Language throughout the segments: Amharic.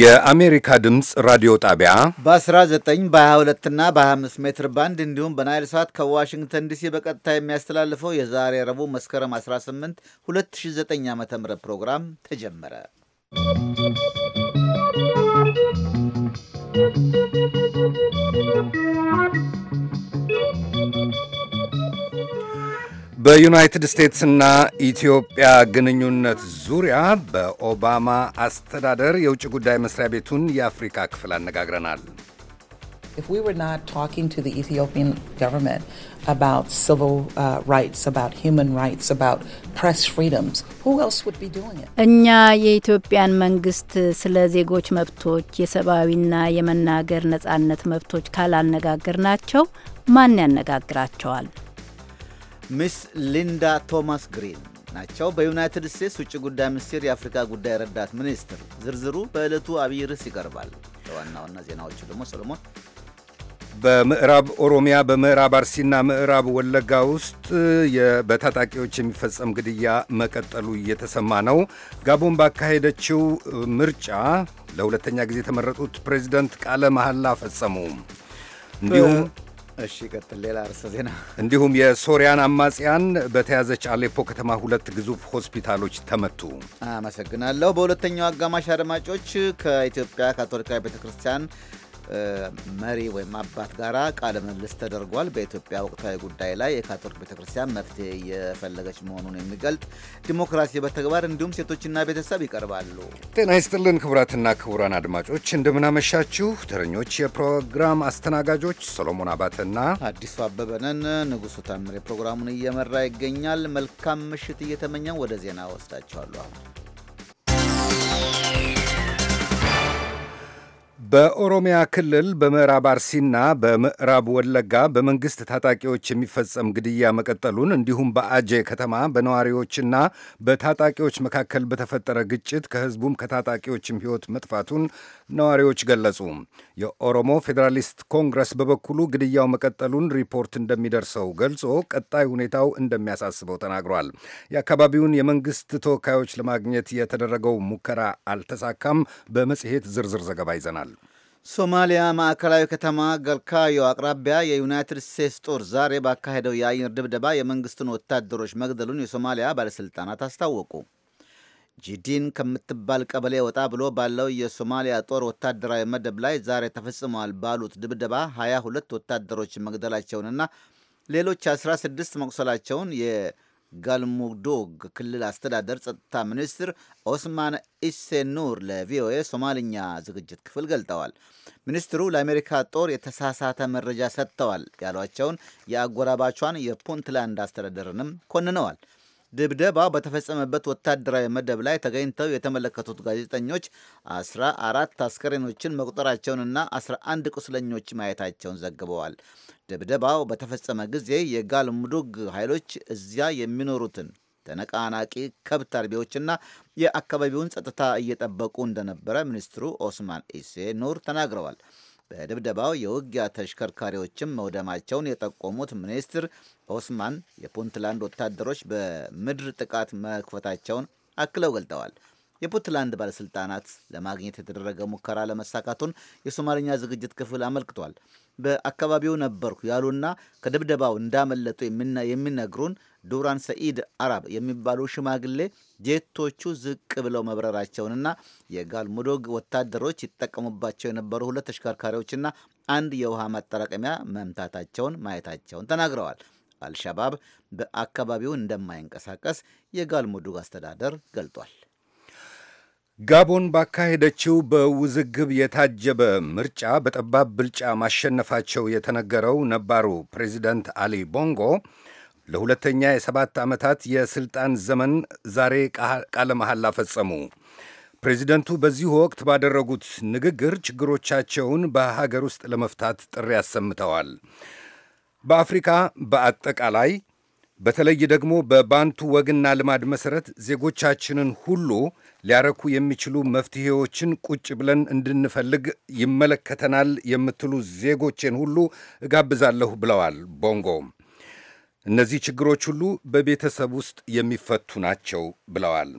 የአሜሪካ ድምፅ ራዲዮ ጣቢያ በ19 በ22 እና በ25 ሜትር ባንድ እንዲሁም በናይል ሰዓት ከዋሽንግተን ዲሲ በቀጥታ የሚያስተላልፈው የዛሬ ረቡዕ መስከረም 18 2009 ዓ ም ፕሮግራም ተጀመረ። ¶¶ በዩናይትድ ስቴትስና ኢትዮጵያ ግንኙነት ዙሪያ በኦባማ አስተዳደር የውጭ ጉዳይ መስሪያ ቤቱን የአፍሪካ ክፍል አነጋግረናል። እኛ የኢትዮጵያን መንግስት ስለ ዜጎች መብቶች፣ የሰብአዊና የመናገር ነጻነት መብቶች ናቸው? ማን ያነጋግራቸዋል? ሚስ ሊንዳ ቶማስ ግሪን ናቸው። በዩናይትድ ስቴትስ ውጭ ጉዳይ ሚኒስቴር የአፍሪካ ጉዳይ ረዳት ሚኒስትር። ዝርዝሩ በዕለቱ አብይ ርዕስ ይቀርባል። ለዋና ዋና ዜናዎቹ ደግሞ ሰለሞን በምዕራብ ኦሮሚያ በምዕራብ አርሲና ምዕራብ ወለጋ ውስጥ በታጣቂዎች የሚፈጸም ግድያ መቀጠሉ እየተሰማ ነው። ጋቦን ባካሄደችው ምርጫ ለሁለተኛ ጊዜ የተመረጡት ፕሬዚደንት ቃለ መሐላ ፈጸሙ። እንዲሁም እሺ ቀጥል። ሌላ ርዕሰ ዜና እንዲሁም የሶሪያን አማጽያን በተያዘች አሌፖ ከተማ ሁለት ግዙፍ ሆስፒታሎች ተመቱ። አመሰግናለሁ። በሁለተኛው አጋማሽ አድማጮች ከኢትዮጵያ ካቶሊካዊ ቤተክርስቲያን መሪ ወይም አባት ጋራ ቃለ ምልልስ ተደርጓል። በኢትዮጵያ ወቅታዊ ጉዳይ ላይ የካቶሊክ ቤተክርስቲያን መፍትሄ እየፈለገች መሆኑን የሚገልጥ ዲሞክራሲ በተግባር እንዲሁም ሴቶችና ቤተሰብ ይቀርባሉ። ጤና ይስጥልን ክቡራትና ክቡራን አድማጮች እንደምናመሻችሁ። ተረኞች የፕሮግራም አስተናጋጆች ሰሎሞን አባተና አዲሱ አበበነን። ንጉሱ ታምሬ ፕሮግራሙን እየመራ ይገኛል። መልካም ምሽት እየተመኘን ወደ ዜና ወስዳቸዋለሁ። በኦሮሚያ ክልል በምዕራብ አርሲና በምዕራብ ወለጋ በመንግስት ታጣቂዎች የሚፈጸም ግድያ መቀጠሉን እንዲሁም በአጄ ከተማ በነዋሪዎችና በታጣቂዎች መካከል በተፈጠረ ግጭት ከህዝቡም ከታጣቂዎችም ህይወት መጥፋቱን ነዋሪዎች ገለጹ። የኦሮሞ ፌዴራሊስት ኮንግረስ በበኩሉ ግድያው መቀጠሉን ሪፖርት እንደሚደርሰው ገልጾ ቀጣይ ሁኔታው እንደሚያሳስበው ተናግሯል። የአካባቢውን የመንግስት ተወካዮች ለማግኘት የተደረገው ሙከራ አልተሳካም። በመጽሔት ዝርዝር ዘገባ ይዘናል። ሶማሊያ ማዕከላዊ ከተማ ገልካዮ አቅራቢያ የዩናይትድ ስቴትስ ጦር ዛሬ ባካሄደው የአየር ድብደባ የመንግስትን ወታደሮች መግደሉን የሶማሊያ ባለሥልጣናት አስታወቁ። ጂዲን ከምትባል ቀበሌ ወጣ ብሎ ባለው የሶማሊያ ጦር ወታደራዊ መደብ ላይ ዛሬ ተፈጽመዋል ባሉት ድብደባ 22 ወታደሮች መግደላቸውንና ሌሎች 16 መቁሰላቸውን ጋልሙዶግ ክልል አስተዳደር ጸጥታ ሚኒስትር ኦስማን ኢሴኑር ለቪኦኤ ሶማልኛ ዝግጅት ክፍል ገልጠዋል። ሚኒስትሩ ለአሜሪካ ጦር የተሳሳተ መረጃ ሰጥተዋል ያሏቸውን የአጎራባቿን የፑንትላንድ አስተዳደርንም ኮንነዋል። ድብደባ በተፈጸመበት ወታደራዊ መደብ ላይ ተገኝተው የተመለከቱት ጋዜጠኞች 14 አስከሬኖችን መቁጠራቸውንና 11 ቁስለኞች ማየታቸውን ዘግበዋል። ድብደባው በተፈጸመ ጊዜ ሙዱግ ኃይሎች እዚያ የሚኖሩትን ተነቃናቂ ከብት አርቢዎችና የአካባቢውን ጸጥታ እየጠበቁ እንደነበረ ሚኒስትሩ ኦስማን ኢሴ ኑር ተናግረዋል። በድብደባው የውጊያ ተሽከርካሪዎችም መውደማቸውን የጠቆሙት ሚኒስትር ኦስማን የፑንትላንድ ወታደሮች በምድር ጥቃት መክፈታቸውን አክለው ገልጠዋል። የፑንትላንድ ባለስልጣናት ለማግኘት የተደረገ ሙከራ ለመሳካቱን የሶማልኛ ዝግጅት ክፍል አመልክቷል። በአካባቢው ነበርኩ ያሉና ከድብደባው እንዳመለጡ የሚነግሩን ዱራን ሰኢድ አራብ የሚባሉ ሽማግሌ ጄቶቹ ዝቅ ብለው መብረራቸውንና የጋልሙዶግ ወታደሮች ይጠቀሙባቸው የነበሩ ሁለት ተሽከርካሪዎችና አንድ የውሃ ማጠራቀሚያ መምታታቸውን ማየታቸውን ተናግረዋል። አልሻባብ በአካባቢው እንደማይንቀሳቀስ የጋልሙዱግ አስተዳደር ገልጧል። ጋቦን ባካሄደችው በውዝግብ የታጀበ ምርጫ በጠባብ ብልጫ ማሸነፋቸው የተነገረው ነባሩ ፕሬዚደንት አሊ ቦንጎ ለሁለተኛ የሰባት ዓመታት የሥልጣን ዘመን ዛሬ ቃለ መሐላ ፈጸሙ። ፕሬዚደንቱ በዚሁ ወቅት ባደረጉት ንግግር ችግሮቻቸውን በሀገር ውስጥ ለመፍታት ጥሪ አሰምተዋል። በአፍሪካ በአጠቃላይ በተለይ ደግሞ በባንቱ ወግና ልማድ መሠረት ዜጎቻችንን ሁሉ ሊያረኩ የሚችሉ መፍትሄዎችን ቁጭ ብለን እንድንፈልግ ይመለከተናል የምትሉ ዜጎቼን ሁሉ እጋብዛለሁ ብለዋል ቦንጎም እነዚህ ችግሮች ሁሉ በቤተሰብ ውስጥ የሚፈቱ ናቸው ብለዋል።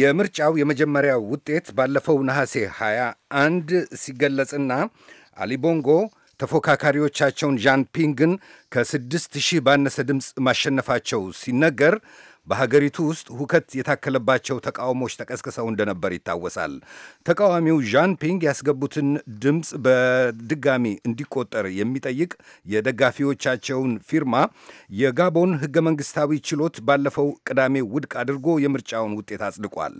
የምርጫው የመጀመሪያ ውጤት ባለፈው ነሐሴ 21 ሲገለጽና አሊቦንጎ ተፎካካሪዎቻቸውን ዣን ፒንግን ከስድስት ሺህ ባነሰ ድምፅ ማሸነፋቸው ሲነገር በሀገሪቱ ውስጥ ሁከት የታከለባቸው ተቃውሞች ተቀስቅሰው እንደነበር ይታወሳል። ተቃዋሚው ዣን ፒንግ ያስገቡትን ድምፅ በድጋሚ እንዲቆጠር የሚጠይቅ የደጋፊዎቻቸውን ፊርማ የጋቦን ሕገ መንግሥታዊ ችሎት ባለፈው ቅዳሜ ውድቅ አድርጎ የምርጫውን ውጤት አጽድቋል።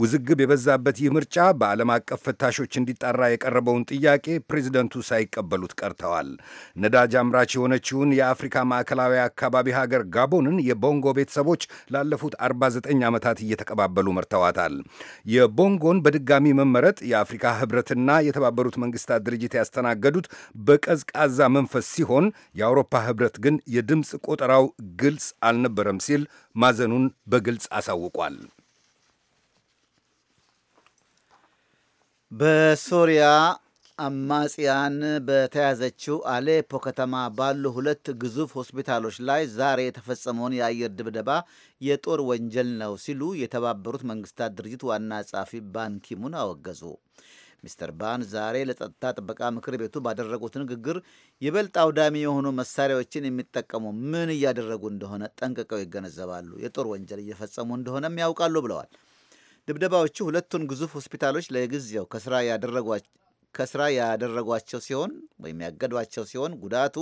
ውዝግብ የበዛበት ይህ ምርጫ በዓለም አቀፍ ፈታሾች እንዲጣራ የቀረበውን ጥያቄ ፕሬዚደንቱ ሳይቀበሉት ቀርተዋል። ነዳጅ አምራች የሆነችውን የአፍሪካ ማዕከላዊ አካባቢ ሀገር ጋቦንን የቦንጎ ቤተሰቦች ላለፉት 49 ዓመታት እየተቀባበሉ መርተዋታል። የቦንጎን በድጋሚ መመረጥ የአፍሪካ ህብረትና የተባበሩት መንግስታት ድርጅት ያስተናገዱት በቀዝቃዛ መንፈስ ሲሆን የአውሮፓ ህብረት ግን የድምፅ ቆጠራው ግልጽ አልነበረም ሲል ማዘኑን በግልጽ አሳውቋል። በሶሪያ አማጽያን በተያዘችው አሌፖ ከተማ ባሉ ሁለት ግዙፍ ሆስፒታሎች ላይ ዛሬ የተፈጸመውን የአየር ድብደባ የጦር ወንጀል ነው ሲሉ የተባበሩት መንግስታት ድርጅት ዋና ጸሐፊ ባንኪሙን አወገዙ። ሚስተር ባን ዛሬ ለጸጥታ ጥበቃ ምክር ቤቱ ባደረጉት ንግግር ይበልጥ አውዳሚ የሆኑ መሳሪያዎችን የሚጠቀሙ ምን እያደረጉ እንደሆነ ጠንቅቀው ይገነዘባሉ፣ የጦር ወንጀል እየፈጸሙ እንደሆነም ያውቃሉ ብለዋል። ድብደባዎቹ ሁለቱን ግዙፍ ሆስፒታሎች ለጊዜው ከስራ ያደረጓቸው ሲሆን ወይም ያገዷቸው ሲሆን ጉዳቱ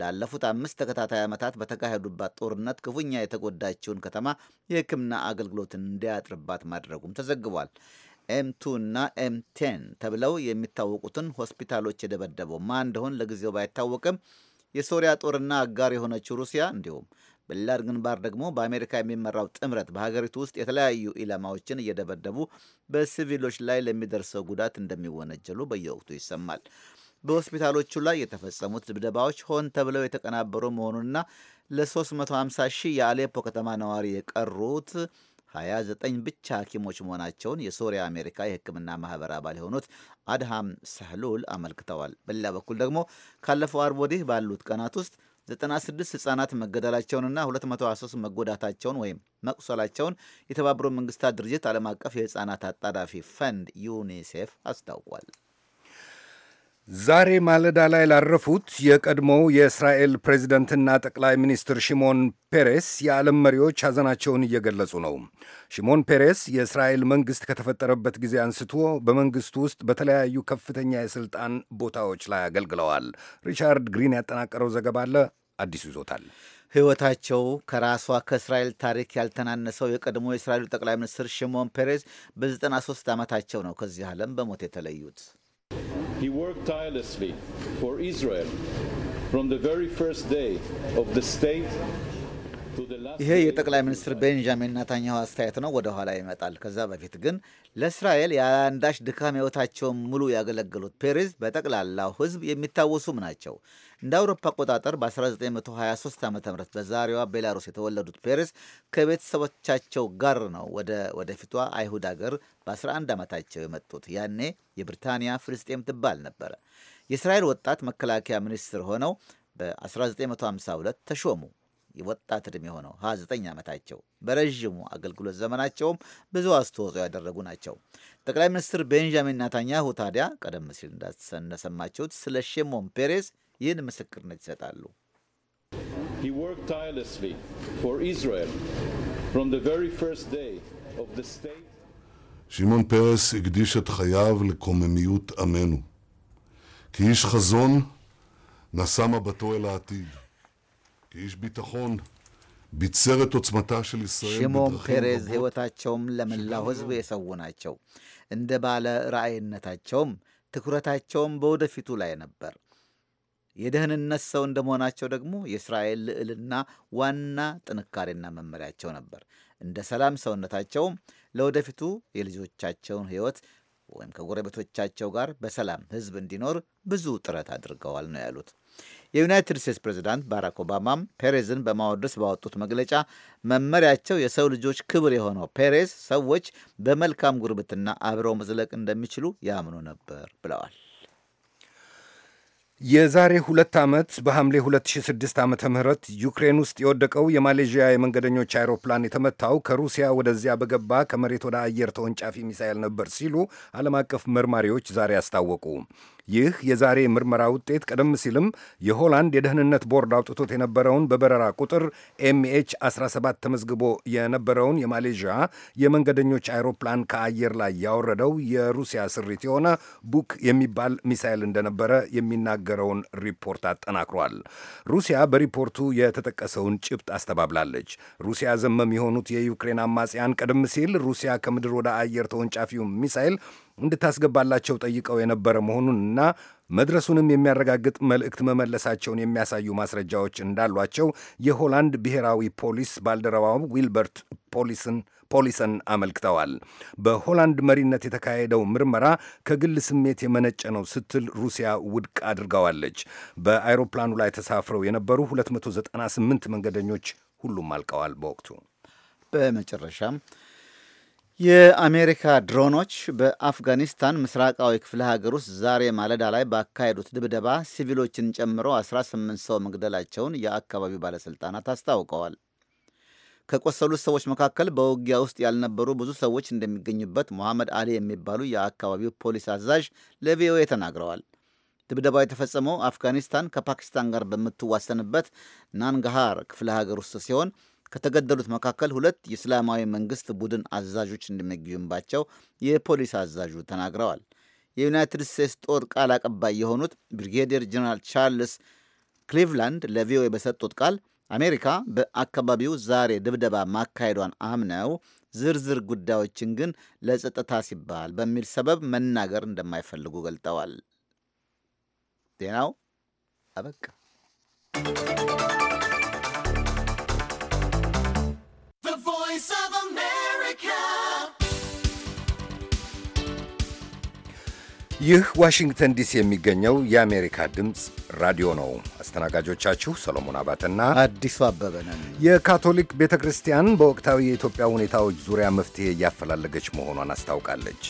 ላለፉት አምስት ተከታታይ ዓመታት በተካሄዱባት ጦርነት ክፉኛ የተጎዳችውን ከተማ የሕክምና አገልግሎት እንዲያጥርባት ማድረጉም ተዘግቧል። እና ኤም ተብለው የሚታወቁትን ሆስፒታሎች የደበደበው ማን እንደሆን ለጊዜው ባይታወቅም የሶሪያ ጦርና አጋር የሆነችው ሩሲያ እንዲሁም በሌላ ግንባር ደግሞ በአሜሪካ የሚመራው ጥምረት በሀገሪቱ ውስጥ የተለያዩ ኢላማዎችን እየደበደቡ በሲቪሎች ላይ ለሚደርሰው ጉዳት እንደሚወነጀሉ በየወቅቱ ይሰማል። በሆስፒታሎቹ ላይ የተፈጸሙት ድብደባዎች ሆን ተብለው የተቀናበሩ መሆኑንና ለ350 ሺህ የአሌፖ ከተማ ነዋሪ የቀሩት 29 ብቻ ሐኪሞች መሆናቸውን የሶሪያ አሜሪካ የሕክምና ማህበር አባል የሆኑት አድሃም ሳህሉል አመልክተዋል። በሌላ በኩል ደግሞ ካለፈው አርብ ወዲህ ባሉት ቀናት ውስጥ 96 ህጻናት መገደላቸውንና 213 መጎዳታቸውን ወይም መቁሰላቸውን የተባበሩት መንግስታት ድርጅት ዓለም አቀፍ የህጻናት አጣዳፊ ፈንድ ዩኒሴፍ አስታውቋል። ዛሬ ማለዳ ላይ ላረፉት የቀድሞው የእስራኤል ፕሬዚደንትና ጠቅላይ ሚኒስትር ሽሞን ፔሬስ የዓለም መሪዎች ሐዘናቸውን እየገለጹ ነው። ሽሞን ፔሬስ የእስራኤል መንግሥት ከተፈጠረበት ጊዜ አንስቶ በመንግሥቱ ውስጥ በተለያዩ ከፍተኛ የሥልጣን ቦታዎች ላይ አገልግለዋል። ሪቻርድ ግሪን ያጠናቀረው ዘገባ አለ፣ አዲሱ ይዞታል። ሕይወታቸው ከራሷ ከእስራኤል ታሪክ ያልተናነሰው የቀድሞ የእስራኤሉ ጠቅላይ ሚኒስትር ሽሞን ፔሬስ በ93 ዓመታቸው ነው ከዚህ ዓለም በሞት የተለዩት። He worked tirelessly for Israel from the very first day of the state ይሄ የጠቅላይ ሚኒስትር ቤንጃሚን ናታኛሁ አስተያየት ነው። ወደ ኋላ ይመጣል። ከዛ በፊት ግን ለእስራኤል የአንዳሽ ድካም ሕይወታቸውን ሙሉ ያገለገሉት ፔሬዝ በጠቅላላው ሕዝብ የሚታወሱም ናቸው። እንደ አውሮፓ አቆጣጠር በ1923 ዓ ም በዛሬዋ ቤላሩስ የተወለዱት ፔሬዝ ከቤተሰቦቻቸው ጋር ነው ወደ ወደፊቷ አይሁድ አገር በ11 ዓመታቸው የመጡት። ያኔ የብሪታንያ ፍልስጤም ትባል ነበረ። የእስራኤል ወጣት መከላከያ ሚኒስትር ሆነው በ1952 ተሾሙ። የወጣት ዕድሜ የሆነው 29 ዓመታቸው በረዥሙ አገልግሎት ዘመናቸውም ብዙ አስተዋጽኦ ያደረጉ ናቸው። ጠቅላይ ሚኒስትር ቤንጃሚን ናታኛሁ ታዲያ ቀደም ሲል እንደሰማችሁት ስለ ሼሞን ፔሬስ ይህን ምስክርነት ይሰጣሉ። ሽሞን פרס הקדיש את חייו לקוממיות עמנו. כאיש חזון, נשא מבטו אל העתיד. כאיש ביטחון ביצר את עוצמתה של ישראל שמעון ለመላው ህዝብ የሰው ናቸው። እንደ ባለ ራእይነታቸውም ትኩረታቸውም በወደፊቱ ላይ ነበር። የደህንነት ሰው እንደመሆናቸው ደግሞ የእስራኤል ልዕልና ዋና ጥንካሬና መመሪያቸው ነበር። እንደ ሰላም ሰውነታቸውም ለወደፊቱ የልጆቻቸውን ህይወት ወይም ከጎረቤቶቻቸው ጋር በሰላም ህዝብ እንዲኖር ብዙ ጥረት አድርገዋል ነው ያሉት። የዩናይትድ ስቴትስ ፕሬዚዳንት ባራክ ኦባማም ፔሬዝን በማወደስ ባወጡት መግለጫ መመሪያቸው የሰው ልጆች ክብር የሆነው ፔሬዝ ሰዎች በመልካም ጉርብትና አብረው መዝለቅ እንደሚችሉ ያምኑ ነበር ብለዋል። የዛሬ ሁለት ዓመት በሐምሌ 2006 ዓ ም ዩክሬን ውስጥ የወደቀው የማሌዥያ የመንገደኞች አይሮፕላን የተመታው ከሩሲያ ወደዚያ በገባ ከመሬት ወደ አየር ተወንጫፊ ሚሳይል ነበር ሲሉ ዓለም አቀፍ መርማሪዎች ዛሬ አስታወቁ። ይህ የዛሬ ምርመራ ውጤት ቀደም ሲልም የሆላንድ የደህንነት ቦርድ አውጥቶት የነበረውን በበረራ ቁጥር ኤምኤች 17 ተመዝግቦ የነበረውን የማሌዥያ የመንገደኞች አይሮፕላን ከአየር ላይ ያወረደው የሩሲያ ስሪት የሆነ ቡክ የሚባል ሚሳይል እንደነበረ የሚናገረውን ሪፖርት አጠናክሯል። ሩሲያ በሪፖርቱ የተጠቀሰውን ጭብጥ አስተባብላለች። ሩሲያ ዘመም የሆኑት የዩክሬን አማጽያን ቀደም ሲል ሩሲያ ከምድር ወደ አየር ተወንጫፊው ሚሳይል እንድታስገባላቸው ጠይቀው የነበረ መሆኑንና መድረሱንም የሚያረጋግጥ መልእክት መመለሳቸውን የሚያሳዩ ማስረጃዎች እንዳሏቸው የሆላንድ ብሔራዊ ፖሊስ ባልደረባው ዊልበርት ፖሊስን ፖሊሰን አመልክተዋል። በሆላንድ መሪነት የተካሄደው ምርመራ ከግል ስሜት የመነጨ ነው ስትል ሩሲያ ውድቅ አድርገዋለች። በአይሮፕላኑ ላይ ተሳፍረው የነበሩ 298 መንገደኞች ሁሉም አልቀዋል። በወቅቱ በመጨረሻም የአሜሪካ ድሮኖች በአፍጋኒስታን ምስራቃዊ ክፍለ ሀገር ውስጥ ዛሬ ማለዳ ላይ ባካሄዱት ድብደባ ሲቪሎችን ጨምሮ 18 ሰው መግደላቸውን የአካባቢው ባለሥልጣናት አስታውቀዋል። ከቆሰሉት ሰዎች መካከል በውጊያ ውስጥ ያልነበሩ ብዙ ሰዎች እንደሚገኙበት ሞሐመድ አሊ የሚባሉ የአካባቢው ፖሊስ አዛዥ ለቪኦኤ ተናግረዋል። ድብደባው የተፈጸመው አፍጋኒስታን ከፓኪስታን ጋር በምትዋሰንበት ናንጋሃር ክፍለ ሀገር ውስጥ ሲሆን ከተገደሉት መካከል ሁለት የእስላማዊ መንግስት ቡድን አዛዦች እንደሚገኙባቸው የፖሊስ አዛዡ ተናግረዋል። የዩናይትድ ስቴትስ ጦር ቃል አቀባይ የሆኑት ብሪጌዲየር ጀነራል ቻርልስ ክሊቭላንድ ለቪኦኤ በሰጡት ቃል አሜሪካ በአካባቢው ዛሬ ድብደባ ማካሄዷን አምነው ዝርዝር ጉዳዮችን ግን ለጸጥታ ሲባል በሚል ሰበብ መናገር እንደማይፈልጉ ገልጠዋል። ዜናው አበቃ። ይህ ዋሽንግተን ዲሲ የሚገኘው የአሜሪካ ድምፅ ራዲዮ ነው። አስተናጋጆቻችሁ ሰሎሞን አባተና አዲሱ አበበ ነን። የካቶሊክ ቤተ ክርስቲያን በወቅታዊ የኢትዮጵያ ሁኔታዎች ዙሪያ መፍትሄ እያፈላለገች መሆኗን አስታውቃለች።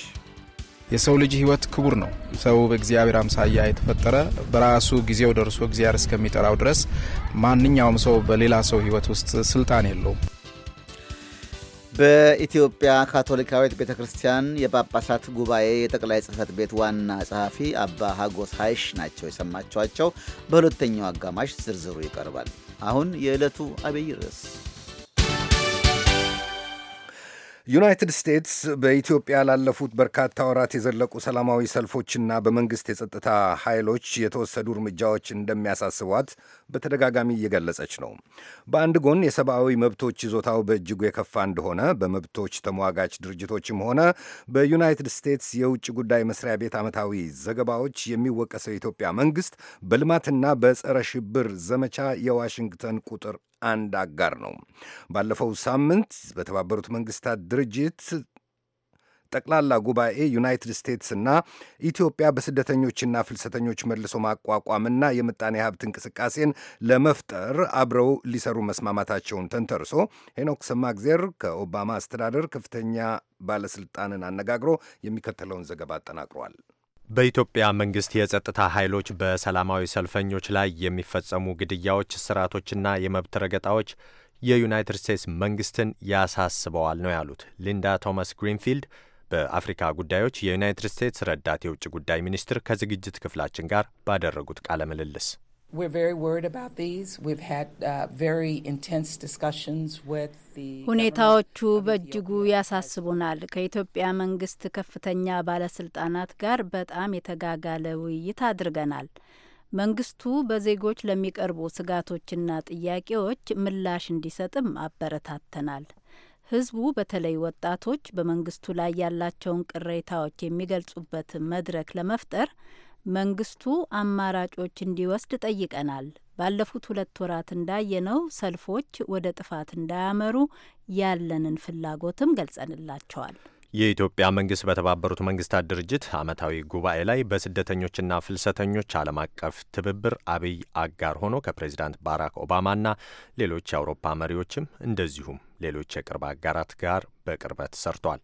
የሰው ልጅ ሕይወት ክቡር ነው። ሰው በእግዚአብሔር አምሳያ የተፈጠረ በራሱ ጊዜው ደርሶ እግዚአብሔር እስከሚጠራው ድረስ ማንኛውም ሰው በሌላ ሰው ሕይወት ውስጥ ስልጣን የለውም። በኢትዮጵያ ካቶሊካዊት ቤተ ክርስቲያን የጳጳሳት ጉባኤ የጠቅላይ ጽህፈት ቤት ዋና ጸሐፊ አባ ሀጎስ ሀይሽ ናቸው የሰማችኋቸው። በሁለተኛው አጋማሽ ዝርዝሩ ይቀርባል። አሁን የዕለቱ አብይ ርዕስ ዩናይትድ ስቴትስ በኢትዮጵያ ላለፉት በርካታ ወራት የዘለቁ ሰላማዊ ሰልፎችና በመንግሥት የጸጥታ ኃይሎች የተወሰዱ እርምጃዎች እንደሚያሳስቧት በተደጋጋሚ እየገለጸች ነው። በአንድ ጎን የሰብአዊ መብቶች ይዞታው በእጅጉ የከፋ እንደሆነ በመብቶች ተሟጋች ድርጅቶችም ሆነ በዩናይትድ ስቴትስ የውጭ ጉዳይ መስሪያ ቤት ዓመታዊ ዘገባዎች የሚወቀሰው የኢትዮጵያ መንግሥት በልማትና በጸረ ሽብር ዘመቻ የዋሽንግተን ቁጥር አንድ አጋር ነው። ባለፈው ሳምንት በተባበሩት መንግስታት ድርጅት ጠቅላላ ጉባኤ ዩናይትድ ስቴትስና ኢትዮጵያ በስደተኞችና ፍልሰተኞች መልሶ ማቋቋምና የምጣኔ ሀብት እንቅስቃሴን ለመፍጠር አብረው ሊሰሩ መስማማታቸውን ተንተርሶ ሄኖክ ሰማግዜር ከኦባማ አስተዳደር ከፍተኛ ባለስልጣንን አነጋግሮ የሚከተለውን ዘገባ አጠናቅሯል። በኢትዮጵያ መንግስት የጸጥታ ኃይሎች በሰላማዊ ሰልፈኞች ላይ የሚፈጸሙ ግድያዎች፣ ስርዓቶችና የመብት ረገጣዎች የዩናይትድ ስቴትስ መንግስትን ያሳስበዋል ነው ያሉት ሊንዳ ቶማስ ግሪንፊልድ በአፍሪካ ጉዳዮች የዩናይትድ ስቴትስ ረዳት የውጭ ጉዳይ ሚኒስትር ከዝግጅት ክፍላችን ጋር ባደረጉት ቃለ ምልልስ ሁኔታዎቹ በእጅጉ ያሳስቡናል። ከኢትዮጵያ መንግስት ከፍተኛ ባለስልጣናት ጋር በጣም የተጋጋለ ውይይት አድርገናል። መንግስቱ በዜጎች ለሚቀርቡ ስጋቶችና ጥያቄዎች ምላሽ እንዲሰጥም አበረታተናል። ህዝቡ በተለይ ወጣቶች በመንግስቱ ላይ ያላቸውን ቅሬታዎች የሚገልጹበት መድረክ ለመፍጠር መንግስቱ አማራጮች እንዲወስድ ጠይቀናል። ባለፉት ሁለት ወራት እንዳየነው ሰልፎች ወደ ጥፋት እንዳያመሩ ያለንን ፍላጎትም ገልጸንላቸዋል። የኢትዮጵያ መንግስት በተባበሩት መንግስታት ድርጅት አመታዊ ጉባኤ ላይ በስደተኞችና ፍልሰተኞች ዓለም አቀፍ ትብብር አብይ አጋር ሆኖ ከፕሬዚዳንት ባራክ ኦባማና ሌሎች የአውሮፓ መሪዎችም እንደዚሁም ሌሎች የቅርብ አጋራት ጋር በቅርበት ሰርቷል።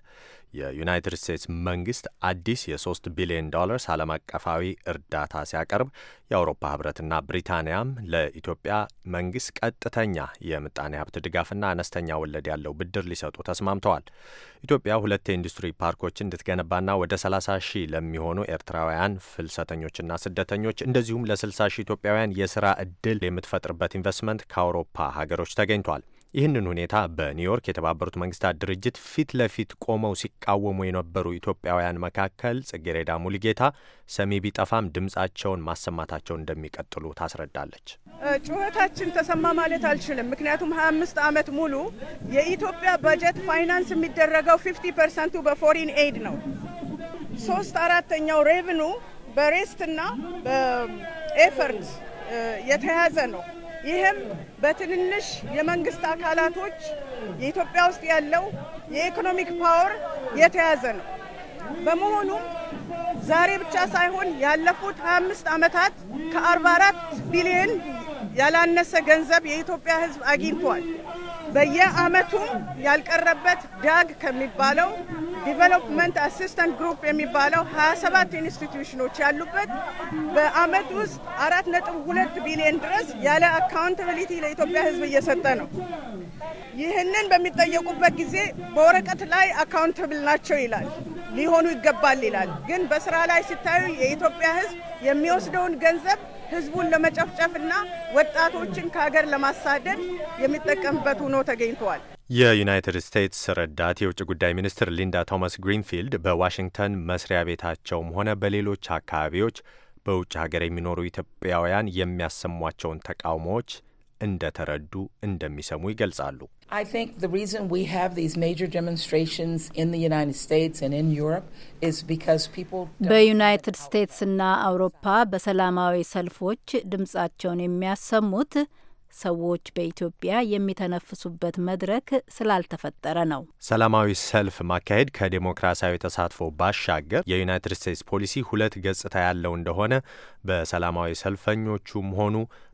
የዩናይትድ ስቴትስ መንግስት አዲስ የሶስት ቢሊዮን ዶላርስ ዓለም አቀፋዊ እርዳታ ሲያቀርብ የአውሮፓ ህብረትና ብሪታንያም ለኢትዮጵያ መንግስት ቀጥተኛ የምጣኔ ሀብት ድጋፍና አነስተኛ ወለድ ያለው ብድር ሊሰጡ ተስማምተዋል። ኢትዮጵያ ሁለት የኢንዱስትሪ ፓርኮች እንድትገነባና ወደ 30 ሺህ ለሚሆኑ ኤርትራውያን ፍልሰተኞችና ስደተኞች እንደዚሁም ለ60 ሺህ ኢትዮጵያውያን የስራ እድል የምትፈጥርበት ኢንቨስትመንት ከአውሮፓ ሀገሮች ተገኝቷል። ይህንን ሁኔታ በኒውዮርክ የተባበሩት መንግስታት ድርጅት ፊት ለፊት ቆመው ሲቃወሙ የነበሩ ኢትዮጵያውያን መካከል ጽጌሬዳ ሙልጌታ ሰሚ ቢጠፋም ድምፃቸውን ማሰማታቸውን እንደሚቀጥሉ ታስረዳለች። ጩኸታችን ተሰማ ማለት አልችልም። ምክንያቱም 25 ዓመት ሙሉ የኢትዮጵያ በጀት ፋይናንስ የሚደረገው 50 ፐርሰንቱ በፎሪን ኤድ ነው። ሶስት አራተኛው ሬቭኑ በሬስትና በኤፈርት የተያዘ ነው። ይህም በትንንሽ የመንግስት አካላቶች የኢትዮጵያ ውስጥ ያለው የኢኮኖሚክ ፓወር የተያዘ ነው። በመሆኑም ዛሬ ብቻ ሳይሆን ያለፉት 25 ዓመታት ከ44 ቢሊዮን ያላነሰ ገንዘብ የኢትዮጵያ ሕዝብ አግኝቷል። በየአመቱ ያልቀረበት ዳግ ከሚባለው ዲቨሎፕመንት አሲስታንት ግሩፕ የሚባለው 27 ኢንስቲትዩሽኖች ያሉበት በአመት ውስጥ 4.2 ቢሊዮን ድረስ ያለ አካውንታብሊቲ ለኢትዮጵያ ሕዝብ እየሰጠ ነው። ይህንን በሚጠየቁበት ጊዜ በወረቀት ላይ አካውንታብል ናቸው ይላል፣ ሊሆኑ ይገባል ይላል። ግን በስራ ላይ ሲታዩ የኢትዮጵያ ሕዝብ የሚወስደውን ገንዘብ ህዝቡን ለመጨፍጨፍና ወጣቶችን ከሀገር ለማሳደድ የሚጠቀምበት ሆኖ ተገኝተዋል። የዩናይትድ ስቴትስ ረዳት የውጭ ጉዳይ ሚኒስትር ሊንዳ ቶማስ ግሪንፊልድ በዋሽንግተን መስሪያ ቤታቸውም ሆነ በሌሎች አካባቢዎች በውጭ ሀገር የሚኖሩ ኢትዮጵያውያን የሚያሰሟቸውን ተቃውሞዎች እንደተረዱ እንደሚሰሙ ይገልጻሉ። በዩናይትድ ስቴትስና አውሮፓ በሰላማዊ ሰልፎች ድምጻቸውን የሚያሰሙት ሰዎች በኢትዮጵያ የሚተነፍሱበት መድረክ ስላልተፈጠረ ነው። ሰላማዊ ሰልፍ ማካሄድ ከዴሞክራሲያዊ ተሳትፎ ባሻገር የዩናይትድ ስቴትስ ፖሊሲ ሁለት ገጽታ ያለው እንደሆነ በሰላማዊ ሰልፈኞቹም ሆኑ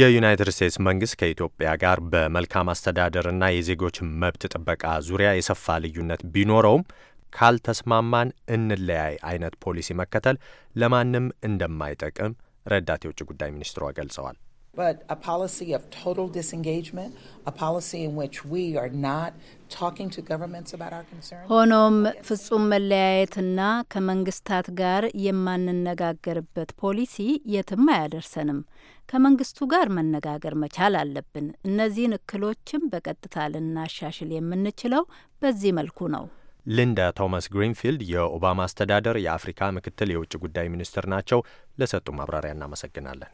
የዩናይትድ ስቴትስ መንግስት ከኢትዮጵያ ጋር በመልካም አስተዳደርና የዜጎች መብት ጥበቃ ዙሪያ የሰፋ ልዩነት ቢኖረውም ካልተስማማን እንለያይ አይነት ፖሊሲ መከተል ለማንም እንደማይጠቅም ረዳት የውጭ ጉዳይ ሚኒስትሯ ገልጸዋል። but a policy of total disengagement, a policy in which we are not talking to governments about our concerns. ሆኖም ፍጹም መለያየትና ከመንግስታት ጋር የማንነጋገርበት ፖሊሲ የትም አያደርሰንም። ከመንግስቱ ጋር መነጋገር መቻል አለብን። እነዚህን እክሎችም በቀጥታ ልናሻሽል የምንችለው በዚህ መልኩ ነው። ሊንዳ ቶማስ ግሪንፊልድ የኦባማ አስተዳደር የአፍሪካ ምክትል የውጭ ጉዳይ ሚኒስትር ናቸው። ለሰጡ ማብራሪያ እናመሰግናለን።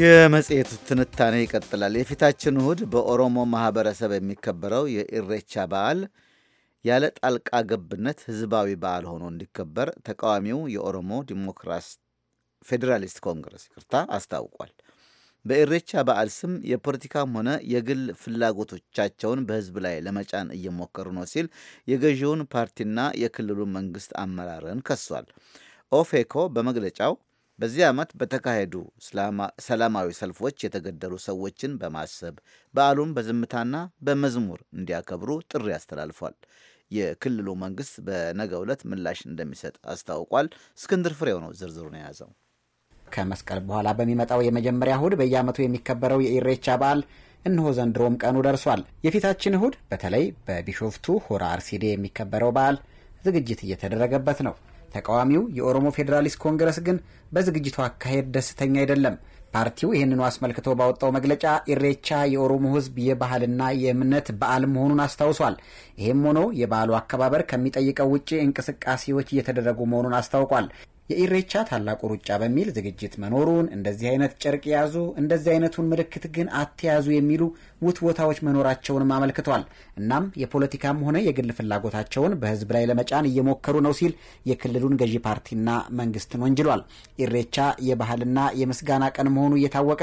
የመጽሔት ትንታኔ ይቀጥላል። የፊታችን እሁድ በኦሮሞ ማህበረሰብ የሚከበረው የኢሬቻ በዓል ያለ ጣልቃ ገብነት ህዝባዊ በዓል ሆኖ እንዲከበር ተቃዋሚው የኦሮሞ ዲሞክራሲ ፌዴራሊስት ኮንግረስ ይቅርታ አስታውቋል። በኢሬቻ በዓል ስም የፖለቲካም ሆነ የግል ፍላጎቶቻቸውን በህዝብ ላይ ለመጫን እየሞከሩ ነው ሲል የገዢውን ፓርቲና የክልሉ መንግስት አመራርን ከሷል። ኦፌኮ በመግለጫው በዚህ ዓመት በተካሄዱ ሰላማዊ ሰልፎች የተገደሉ ሰዎችን በማሰብ በዓሉን በዝምታና በመዝሙር እንዲያከብሩ ጥሪ አስተላልፏል። የክልሉ መንግስት በነገ ዕለት ምላሽ እንደሚሰጥ አስታውቋል። እስክንድር ፍሬው ነው ዝርዝሩን የያዘው። ከመስቀል በኋላ በሚመጣው የመጀመሪያ እሁድ በየዓመቱ የሚከበረው የኢሬቻ በዓል እነሆ ዘንድሮም ቀኑ ደርሷል። የፊታችን እሁድ በተለይ በቢሾፍቱ ሆራ አርሲዴ የሚከበረው በዓል ዝግጅት እየተደረገበት ነው። ተቃዋሚው የኦሮሞ ፌዴራሊስት ኮንግረስ ግን በዝግጅቱ አካሄድ ደስተኛ አይደለም። ፓርቲው ይህንኑ አስመልክቶ ባወጣው መግለጫ ኢሬቻ የኦሮሞ ሕዝብ የባህልና የእምነት በዓል መሆኑን አስታውሷል። ይህም ሆኖ የበዓሉ አከባበር ከሚጠይቀው ውጭ እንቅስቃሴዎች እየተደረጉ መሆኑን አስታውቋል። የኢሬቻ ታላቁ ሩጫ በሚል ዝግጅት መኖሩን፣ እንደዚህ አይነት ጨርቅ ያዙ፣ እንደዚህ አይነቱን ምልክት ግን አትያዙ የሚሉ ውትወታዎች መኖራቸውንም አመልክቷል። እናም የፖለቲካም ሆነ የግል ፍላጎታቸውን በህዝብ ላይ ለመጫን እየሞከሩ ነው ሲል የክልሉን ገዢ ፓርቲና መንግስትን ወንጅሏል። ኢሬቻ የባህልና የምስጋና ቀን መሆኑ እየታወቀ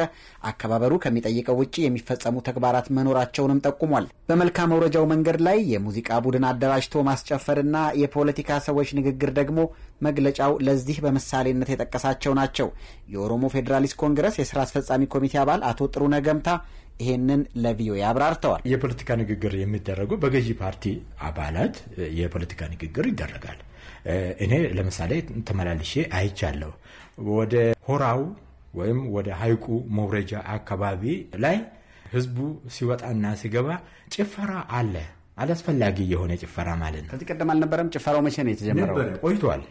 አከባበሩ ከሚጠይቀው ውጭ የሚፈጸሙ ተግባራት መኖራቸውንም ጠቁሟል። በመልካም መውረጃው መንገድ ላይ የሙዚቃ ቡድን አደራጅቶ ማስጨፈርና የፖለቲካ ሰዎች ንግግር ደግሞ መግለጫው ለዚህ በምሳሌነት የጠቀሳቸው ናቸው። የኦሮሞ ፌዴራሊስት ኮንግረስ የስራ አስፈጻሚ ኮሚቴ አባል አቶ ጥሩነ ገምታ ይሄንን ለቪኦኤ አብራርተዋል። የፖለቲካ ንግግር የሚደረጉ በገዢ ፓርቲ አባላት የፖለቲካ ንግግር ይደረጋል። እኔ ለምሳሌ ተመላልሼ አይቻለሁ። ወደ ሆራው ወይም ወደ ሀይቁ መውረጃ አካባቢ ላይ ህዝቡ ሲወጣና ሲገባ ጭፈራ አለ። አላስፈላጊ የሆነ ጭፈራ ማለት ነው። ከዚህ ቀደም አልነበረም። ጭፈራው መቼ ነው የተጀመረው? ቆይቷል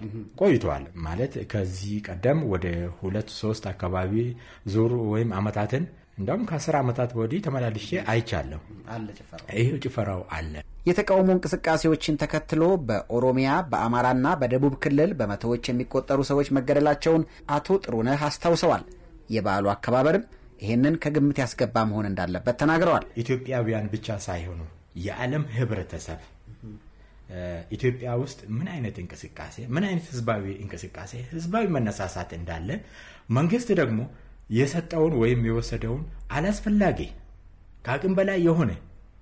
ቆይቷል ማለት ከዚህ ቀደም ወደ ሁለት ሶስት አካባቢ ዙር ወይም አመታትን እንደውም ከአስር ዓመታት ወዲህ ተመላልሼ አይቻለሁ። ይህ ጭፈራው አለ። የተቃውሞ እንቅስቃሴዎችን ተከትሎ በኦሮሚያ በአማራና በደቡብ ክልል በመቶዎች የሚቆጠሩ ሰዎች መገደላቸውን አቶ ጥሩነህ አስታውሰዋል። የበዓሉ አከባበርም ይህንን ከግምት ያስገባ መሆን እንዳለበት ተናግረዋል። ኢትዮጵያውያን ብቻ ሳይሆኑ የዓለም ህብረተሰብ ኢትዮጵያ ውስጥ ምን አይነት እንቅስቃሴ ምን አይነት ህዝባዊ እንቅስቃሴ ህዝባዊ መነሳሳት እንዳለ መንግስት ደግሞ የሰጠውን ወይም የወሰደውን አላስፈላጊ ከአቅም በላይ የሆነ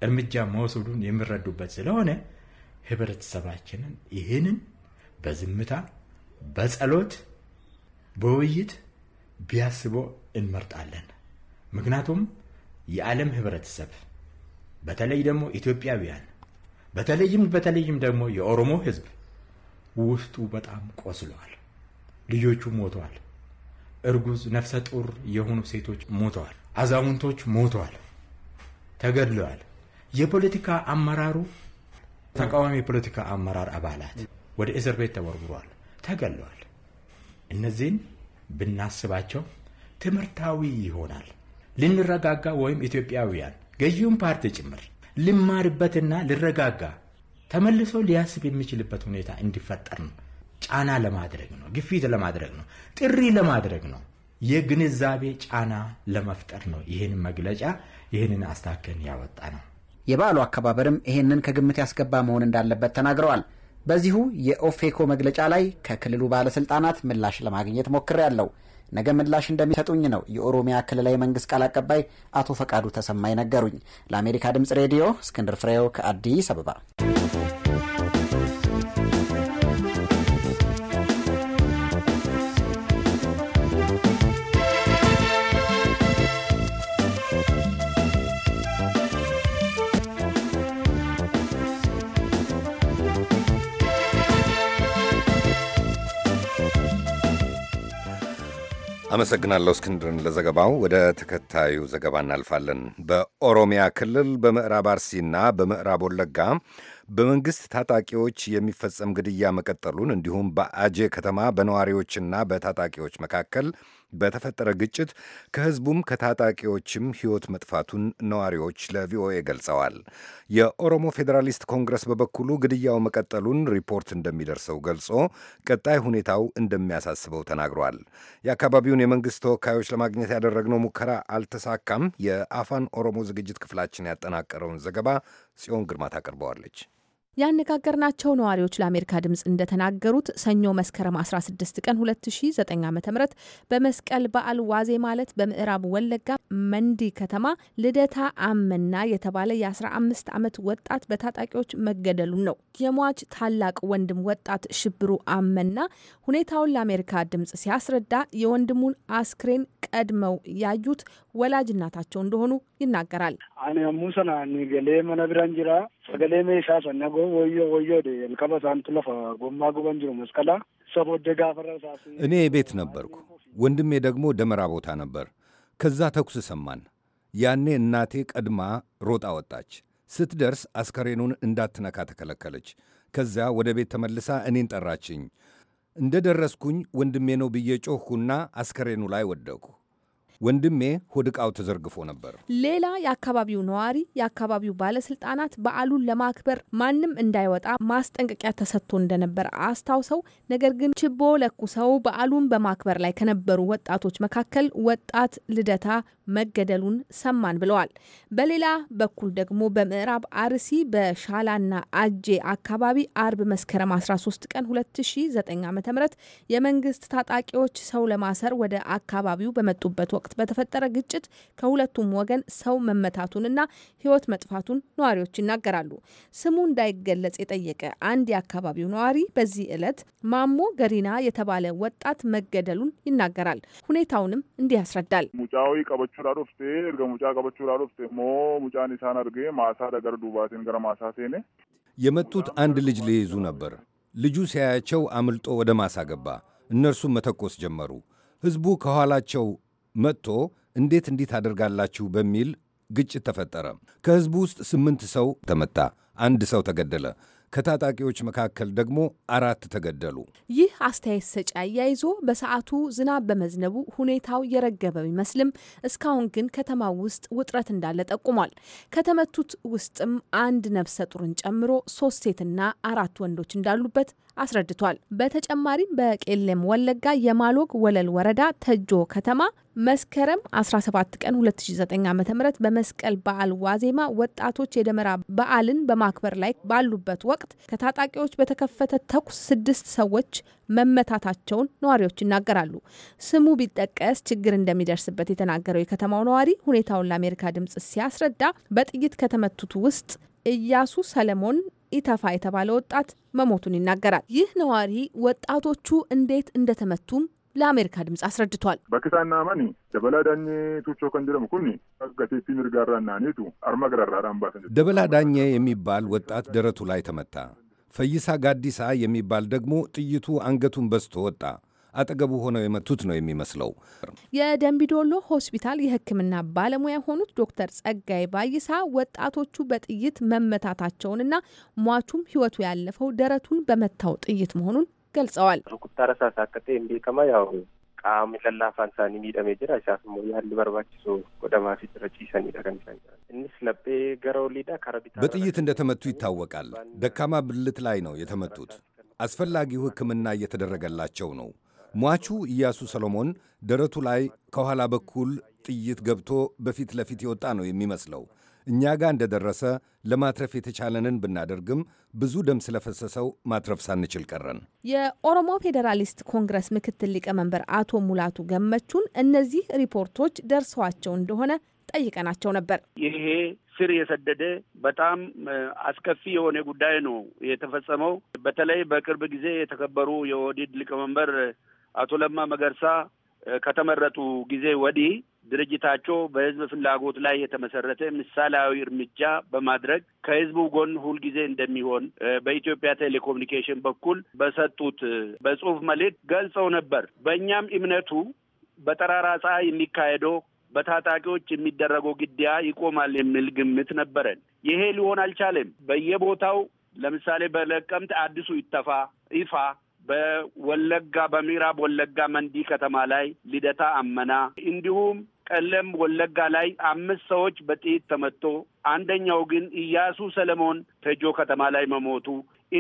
እርምጃ መውሰዱን የሚረዱበት ስለሆነ ህብረተሰባችንን ይህንን በዝምታ በጸሎት በውይይት ቢያስቦ እንመርጣለን። ምክንያቱም የዓለም ህብረተሰብ በተለይ ደግሞ ኢትዮጵያውያን በተለይም በተለይም ደግሞ የኦሮሞ ህዝብ ውስጡ በጣም ቆስሏል። ልጆቹ ሞተዋል። እርጉዝ፣ ነፍሰ ጡር የሆኑ ሴቶች ሞተዋል። አዛውንቶች ሞተዋል፣ ተገድለዋል። የፖለቲካ አመራሩ ተቃዋሚ የፖለቲካ አመራር አባላት ወደ እስር ቤት ተወርውረዋል፣ ተገለዋል። እነዚህን ብናስባቸው ትምህርታዊ ይሆናል። ልንረጋጋ ወይም ኢትዮጵያውያን ገዢውን ፓርቲ ጭምር ልማርበትና ልረጋጋ ተመልሶ ሊያስብ የሚችልበት ሁኔታ እንዲፈጠር ነው ጫና ለማድረግ ነው፣ ግፊት ለማድረግ ነው፣ ጥሪ ለማድረግ ነው፣ የግንዛቤ ጫና ለመፍጠር ነው። ይህን መግለጫ ይህንን አስታከን ያወጣ ነው። የበዓሉ አከባበርም ይህንን ከግምት ያስገባ መሆን እንዳለበት ተናግረዋል። በዚሁ የኦፌኮ መግለጫ ላይ ከክልሉ ባለስልጣናት ምላሽ ለማግኘት ሞክሬያለሁ። ነገ ምላሽ እንደሚሰጡኝ ነው የኦሮሚያ ክልላዊ መንግስት ቃል አቀባይ አቶ ፈቃዱ ተሰማ ነገሩኝ። ለአሜሪካ ድምጽ ሬዲዮ እስክንድር ፍሬው ከአዲስ አበባ አመሰግናለሁ እስክንድርን ለዘገባው። ወደ ተከታዩ ዘገባ እናልፋለን። በኦሮሚያ ክልል በምዕራብ አርሲና በምዕራብ ወለጋ በመንግሥት ታጣቂዎች የሚፈጸም ግድያ መቀጠሉን እንዲሁም በአጄ ከተማ በነዋሪዎችና በታጣቂዎች መካከል በተፈጠረ ግጭት ከህዝቡም ከታጣቂዎችም ሕይወት መጥፋቱን ነዋሪዎች ለቪኦኤ ገልጸዋል። የኦሮሞ ፌዴራሊስት ኮንግረስ በበኩሉ ግድያው መቀጠሉን ሪፖርት እንደሚደርሰው ገልጾ ቀጣይ ሁኔታው እንደሚያሳስበው ተናግሯል። የአካባቢውን የመንግሥት ተወካዮች ለማግኘት ያደረግነው ሙከራ አልተሳካም። የአፋን ኦሮሞ ዝግጅት ክፍላችን ያጠናቀረውን ዘገባ ጽዮን ግርማ ታቀርበዋለች። ያነጋገርናቸው ነዋሪዎች ለአሜሪካ ድምፅ እንደተናገሩት ሰኞ መስከረም 16 ቀን 2009 ዓ ም በመስቀል በዓል ዋዜ ማለት በምዕራብ ወለጋ መንዲ ከተማ ልደታ አመና የተባለ የ15 ዓመት ወጣት በታጣቂዎች መገደሉን ነው። የሟች ታላቅ ወንድም ወጣት ሽብሩ አመና ሁኔታውን ለአሜሪካ ድምፅ ሲያስረዳ የወንድሙን አስክሬን ቀድመው ያዩት ወላጅ እናታቸው እንደሆኑ ይናገራል። sagalee meeshaa sannaa ወዮ ወዮ ልቀበ ሳንቱ ለፈ ጎማ ጉበን ጅሩ መስቀላ ሰብ ወደ ጋፈረሳ እኔ ቤት ነበርኩ። ወንድሜ ደግሞ ደመራ ቦታ ነበር። ከዛ ተኩስ ሰማን። ያኔ እናቴ ቀድማ ሮጣ ወጣች። ስትደርስ አስከሬኑን እንዳትነካ ተከለከለች። ከዚያ ወደ ቤት ተመልሳ እኔን ጠራችኝ። እንደ ደረስኩኝ ወንድሜ ነው ብዬ ጮኽኩና አስከሬኑ ላይ ወደቅሁ። ወንድሜ ሆድቃው ተዘርግፎ ነበር። ሌላ የአካባቢው ነዋሪ የአካባቢው ባለስልጣናት በዓሉን ለማክበር ማንም እንዳይወጣ ማስጠንቀቂያ ተሰጥቶ እንደነበር አስታውሰው፣ ነገር ግን ችቦ ለኩሰው በዓሉን በማክበር ላይ ከነበሩ ወጣቶች መካከል ወጣት ልደታ መገደሉን ሰማን ብለዋል። በሌላ በኩል ደግሞ በምዕራብ አርሲ በሻላና አጄ አካባቢ አርብ መስከረም 13 ቀን 2009 ዓ.ም የመንግስት ታጣቂዎች ሰው ለማሰር ወደ አካባቢው በመጡበት ወቅት ወቅት በተፈጠረ ግጭት ከሁለቱም ወገን ሰው መመታቱንና ሕይወት መጥፋቱን ነዋሪዎች ይናገራሉ። ስሙ እንዳይገለጽ የጠየቀ አንድ የአካባቢው ነዋሪ በዚህ ዕለት ማሞ ገሪና የተባለ ወጣት መገደሉን ይናገራል። ሁኔታውንም እንዲህ ያስረዳል። ሙጫዊ ቀበቹ ዳዶፍቴ እርገ ሙጫ ቀበቹ ዳዶፍቴ ሞ ሙጫን ሳን አድርጌ ማሳ ደገር ዱባቴን ገረ ማሳ የመጡት አንድ ልጅ ሊይዙ ነበር። ልጁ ሲያያቸው አምልጦ ወደ ማሳ ገባ። እነርሱም መተኮስ ጀመሩ። ሕዝቡ ከኋላቸው መጥቶ እንዴት እንዴት አደርጋላችሁ በሚል ግጭት ተፈጠረ። ከህዝቡ ውስጥ ስምንት ሰው ተመታ፣ አንድ ሰው ተገደለ። ከታጣቂዎች መካከል ደግሞ አራት ተገደሉ። ይህ አስተያየት ሰጪ አያይዞ በሰዓቱ ዝናብ በመዝነቡ ሁኔታው የረገበ ቢመስልም እስካሁን ግን ከተማው ውስጥ ውጥረት እንዳለ ጠቁሟል። ከተመቱት ውስጥም አንድ ነፍሰ ጡርን ጨምሮ ሶስት ሴትና አራት ወንዶች እንዳሉበት አስረድቷል። በተጨማሪም በቄሌም ወለጋ የማሎግ ወለል ወረዳ ተጆ ከተማ መስከረም 17 ቀን 2009 ዓ ም በመስቀል በዓል ዋዜማ ወጣቶች የደመራ በዓልን በማክበር ላይ ባሉበት ወቅት ከታጣቂዎች በተከፈተ ተኩስ ስድስት ሰዎች መመታታቸውን ነዋሪዎች ይናገራሉ። ስሙ ቢጠቀስ ችግር እንደሚደርስበት የተናገረው የከተማው ነዋሪ ሁኔታውን ለአሜሪካ ድምጽ ሲያስረዳ በጥይት ከተመቱት ውስጥ እያሱ ሰለሞን ኢተፋ የተባለ ወጣት መሞቱን ይናገራል። ይህ ነዋሪ ወጣቶቹ እንዴት እንደተመቱም ለአሜሪካ ድምፅ አስረድቷል። በክሳና ደበላ ደበላዳኜ ቱቾ ከንጅረም ኩኒ ገቴቲ ሚርጋራና ኔቱ ደበላ ደበላዳኜ የሚባል ወጣት ደረቱ ላይ ተመታ። ፈይሳ ጋዲሳ የሚባል ደግሞ ጥይቱ አንገቱን በስቶ ወጣ። አጠገቡ ሆነው የመቱት ነው የሚመስለው። የደንቢዶሎ ሆስፒታል የሕክምና ባለሙያ የሆኑት ዶክተር ጸጋይ ባይሳ ወጣቶቹ በጥይት መመታታቸውንና ሟቹም ህይወቱ ያለፈው ደረቱን በመታው ጥይት መሆኑን ገልጸዋል። qaamni lallaafaan isaanii miidhamee jira. Isaaf immoo yaalli barbaachisu godhamaa fi jira ciisanidha kan isaan ለቤ ገረው ሊዳ ከረቢታ oliidha karaa bitaa በጥይት እንደተመቱ ይታወቃል። ደካማ ብልት ላይ ነው የተመቱት። አስፈላጊው ሕክምና እየተደረገላቸው ነው። ሟቹ ኢያሱ ሰሎሞን ደረቱ ላይ ከኋላ በኩል ጥይት ገብቶ በፊት ለፊት የወጣ ነው የሚመስለው። እኛ ጋር እንደደረሰ ለማትረፍ የተቻለንን ብናደርግም ብዙ ደም ስለፈሰሰው ማትረፍ ሳንችል ቀረን። የኦሮሞ ፌዴራሊስት ኮንግረስ ምክትል ሊቀመንበር አቶ ሙላቱ ገመቹን እነዚህ ሪፖርቶች ደርሰዋቸው እንደሆነ ጠይቀናቸው ነበር። ይሄ ስር የሰደደ በጣም አስከፊ የሆነ ጉዳይ ነው የተፈጸመው። በተለይ በቅርብ ጊዜ የተከበሩ የኦህዴድ ሊቀመንበር አቶ ለማ መገርሳ ከተመረጡ ጊዜ ወዲህ ድርጅታቸው በህዝብ ፍላጎት ላይ የተመሰረተ ምሳሌያዊ እርምጃ በማድረግ ከህዝቡ ጎን ሁልጊዜ እንደሚሆን በኢትዮጵያ ቴሌኮሙኒኬሽን በኩል በሰጡት በጽሁፍ መልእክት ገልጸው ነበር። በእኛም እምነቱ በጠራራ ፀሐይ የሚካሄደው በታጣቂዎች የሚደረገው ግድያ ይቆማል የሚል ግምት ነበረን። ይሄ ሊሆን አልቻለም። በየቦታው ለምሳሌ በለቀምት አዲሱ ይተፋ ይፋ በወለጋ በምዕራብ ወለጋ መንዲ ከተማ ላይ ልደታ አመና እንዲሁም ቀለም ወለጋ ላይ አምስት ሰዎች በጥይት ተመቶ አንደኛው ግን እያሱ ሰለሞን ተጆ ከተማ ላይ መሞቱ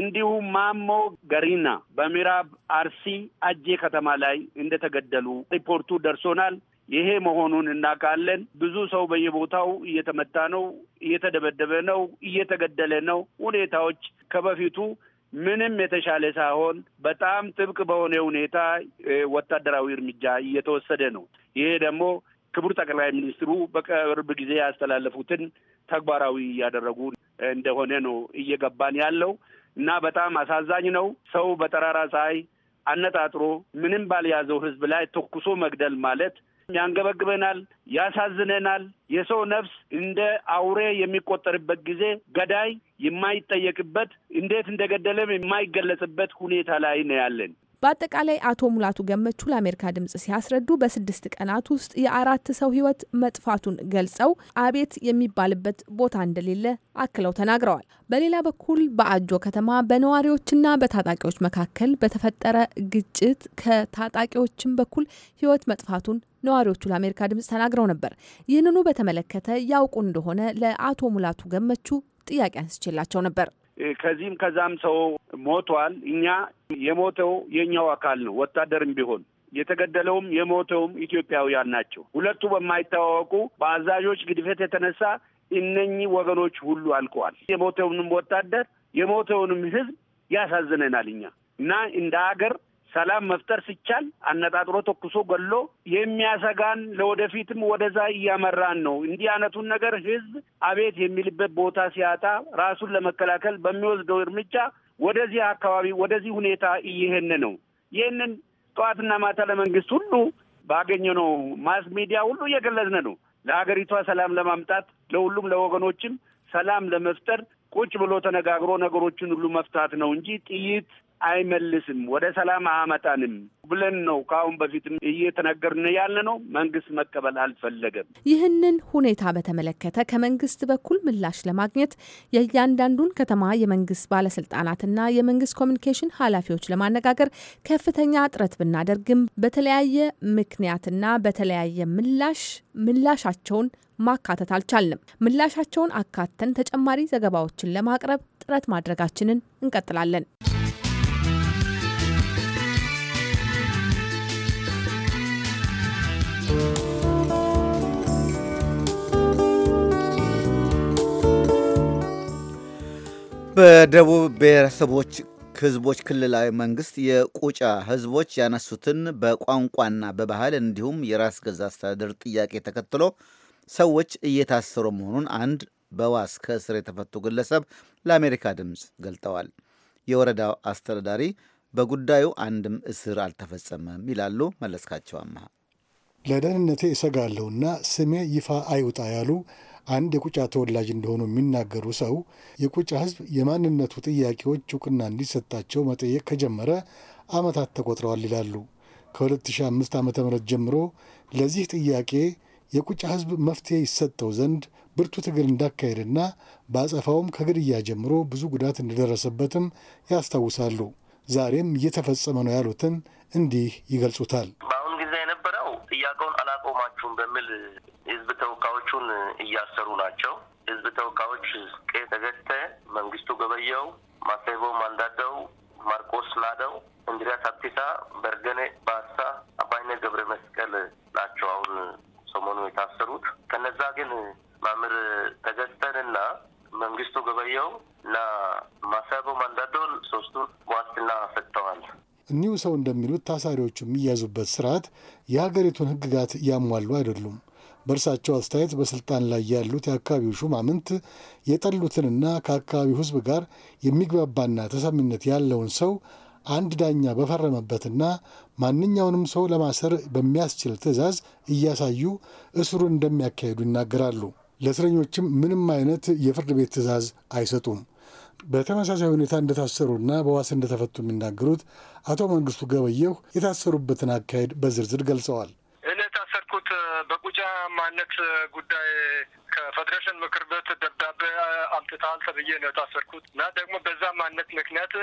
እንዲሁም ማሞ ገሪና በምዕራብ አርሲ አጄ ከተማ ላይ እንደተገደሉ ሪፖርቱ ደርሶናል። ይሄ መሆኑን እናውቃለን። ብዙ ሰው በየቦታው እየተመታ ነው፣ እየተደበደበ ነው፣ እየተገደለ ነው። ሁኔታዎች ከበፊቱ ምንም የተሻለ ሳይሆን በጣም ጥብቅ በሆነ ሁኔታ ወታደራዊ እርምጃ እየተወሰደ ነው። ይሄ ደግሞ ክቡር ጠቅላይ ሚኒስትሩ በቅርብ ጊዜ ያስተላለፉትን ተግባራዊ እያደረጉ እንደሆነ ነው እየገባን ያለው እና በጣም አሳዛኝ ነው። ሰው በጠራራ ፀሐይ አነጣጥሮ ምንም ባልያዘው ሕዝብ ላይ ተኩሶ መግደል ማለት ያንገበግበናል፣ ያሳዝነናል። የሰው ነፍስ እንደ አውሬ የሚቆጠርበት ጊዜ ገዳይ የማይጠየቅበት እንዴት እንደገደለም የማይገለጽበት ሁኔታ ላይ ነው ያለን። በአጠቃላይ አቶ ሙላቱ ገመቹ ለአሜሪካ ድምጽ ሲያስረዱ በስድስት ቀናት ውስጥ የአራት ሰው ሕይወት መጥፋቱን ገልጸው አቤት የሚባልበት ቦታ እንደሌለ አክለው ተናግረዋል። በሌላ በኩል በአጆ ከተማ በነዋሪዎችና በታጣቂዎች መካከል በተፈጠረ ግጭት ከታጣቂዎችም በኩል ሕይወት መጥፋቱን ነዋሪዎቹ ለአሜሪካ ድምጽ ተናግረው ነበር። ይህንኑ በተመለከተ ያውቁ እንደሆነ ለአቶ ሙላቱ ገመቹ ጥያቄ አንስቼላቸው ነበር። ከዚህም ከዛም ሰው ሞቷል። እኛ የሞተው የእኛው አካል ነው፣ ወታደርም ቢሆን የተገደለውም የሞተውም ኢትዮጵያውያን ናቸው። ሁለቱ በማይታወቁ በአዛዦች ግድፈት የተነሳ እነኚህ ወገኖች ሁሉ አልቀዋል። የሞተውንም ወታደር የሞተውንም ሕዝብ ያሳዝነናል እኛ እና እንደ ሀገር ሰላም መፍጠር ሲቻል አነጣጥሮ ተኩሶ ገሎ የሚያሰጋን ለወደፊትም ወደዛ እያመራን ነው። እንዲህ አይነቱን ነገር ህዝብ አቤት የሚልበት ቦታ ሲያጣ ራሱን ለመከላከል በሚወስደው እርምጃ ወደዚህ አካባቢ ወደዚህ ሁኔታ እየሄን ነው። ይህንን ጠዋትና ማታ ለመንግስት ሁሉ ባገኘ ነው ማስ ሚዲያ ሁሉ እየገለጽን ነው። ለሀገሪቷ ሰላም ለማምጣት ለሁሉም ለወገኖችም ሰላም ለመፍጠር ቁጭ ብሎ ተነጋግሮ ነገሮችን ሁሉ መፍታት ነው እንጂ ጥይት አይመልስም፣ ወደ ሰላም አያመጣንም ብለን ነው ከአሁን በፊትም እየተነገርን ያለ ነው። መንግስት መቀበል አልፈለገም። ይህንን ሁኔታ በተመለከተ ከመንግስት በኩል ምላሽ ለማግኘት የእያንዳንዱን ከተማ የመንግስት ባለስልጣናትና የመንግስት ኮሚኒኬሽን ኃላፊዎች ለማነጋገር ከፍተኛ ጥረት ብናደርግም በተለያየ ምክንያትና በተለያየ ምላሽ ምላሻቸውን ማካተት አልቻልንም። ምላሻቸውን አካተን ተጨማሪ ዘገባዎችን ለማቅረብ ጥረት ማድረጋችንን እንቀጥላለን። በደቡብ ብሔረሰቦች ህዝቦች ክልላዊ መንግስት የቁጫ ህዝቦች ያነሱትን በቋንቋና በባህል እንዲሁም የራስ ገዛ አስተዳደር ጥያቄ ተከትሎ ሰዎች እየታሰሩ መሆኑን አንድ በዋስ ከእስር የተፈቱ ግለሰብ ለአሜሪካ ድምፅ ገልጠዋል። የወረዳው አስተዳዳሪ በጉዳዩ አንድም እስር አልተፈጸመም ይላሉ። መለስካቸው አመሃ ለደህንነቴ እሰጋለሁና ስሜ ይፋ አይውጣ ያሉ አንድ የቁጫ ተወላጅ እንደሆኑ የሚናገሩ ሰው የቁጫ ሕዝብ የማንነቱ ጥያቄዎች እውቅና እንዲሰጣቸው መጠየቅ ከጀመረ ዓመታት ተቆጥረዋል ይላሉ። ከ2005 ዓ ም ጀምሮ ለዚህ ጥያቄ የቁጫ ሕዝብ መፍትሄ ይሰጠው ዘንድ ብርቱ ትግል እንዳካሄድና በአጸፋውም ከግድያ ጀምሮ ብዙ ጉዳት እንደደረሰበትም ያስታውሳሉ። ዛሬም እየተፈጸመ ነው ያሉትን እንዲህ ይገልጹታል። ጥያቄውን አላቆማችሁም በሚል ህዝብ ተወካዮቹን እያሰሩ ናቸው። ህዝብ ተወካዮች ቄ ተገተ፣ መንግስቱ ገበየው፣ ማሴቦ ማንዳደው፣ ማርቆስ ናደው፣ እንድሪያስ አብቲሳ፣ በርገኔ ባሳ፣ አባይነ ገብረ መስቀል ናቸው አሁን ሰሞኑ የታሰሩት። ከነዛ ግን ማምር ተገተን ተገዝተንና መንግስቱ ገበየው እና ማሳቦ ማንዳዶን ሶስቱን ዋስትና ሰጥተዋል። እኒሁ ሰው እንደሚሉት ታሳሪዎቹ የሚያዙበት ስርዓት የሀገሪቱን ህግጋት ያሟሉ አይደሉም። በእርሳቸው አስተያየት በስልጣን ላይ ያሉት የአካባቢው ሹማምንት የጠሉትንና ከአካባቢው ህዝብ ጋር የሚግባባና ተሰሚነት ያለውን ሰው አንድ ዳኛ በፈረመበትና ማንኛውንም ሰው ለማሰር በሚያስችል ትዕዛዝ እያሳዩ እስሩን እንደሚያካሄዱ ይናገራሉ። ለእስረኞችም ምንም አይነት የፍርድ ቤት ትዕዛዝ አይሰጡም። በተመሳሳይ ሁኔታ እንደታሰሩና በዋስ እንደተፈቱ የሚናገሩት አቶ መንግስቱ ገበየሁ የታሰሩበትን አካሄድ በዝርዝር ገልጸዋል። እኔ የታሰርኩት በቁጫ ማነት ጉዳይ ከፌዴሬሽን ምክር ቤት ደብዳቤ አምጥተሃል ተብዬ ነው የታሰርኩት እና ደግሞ በዛ ማንነት ምክንያት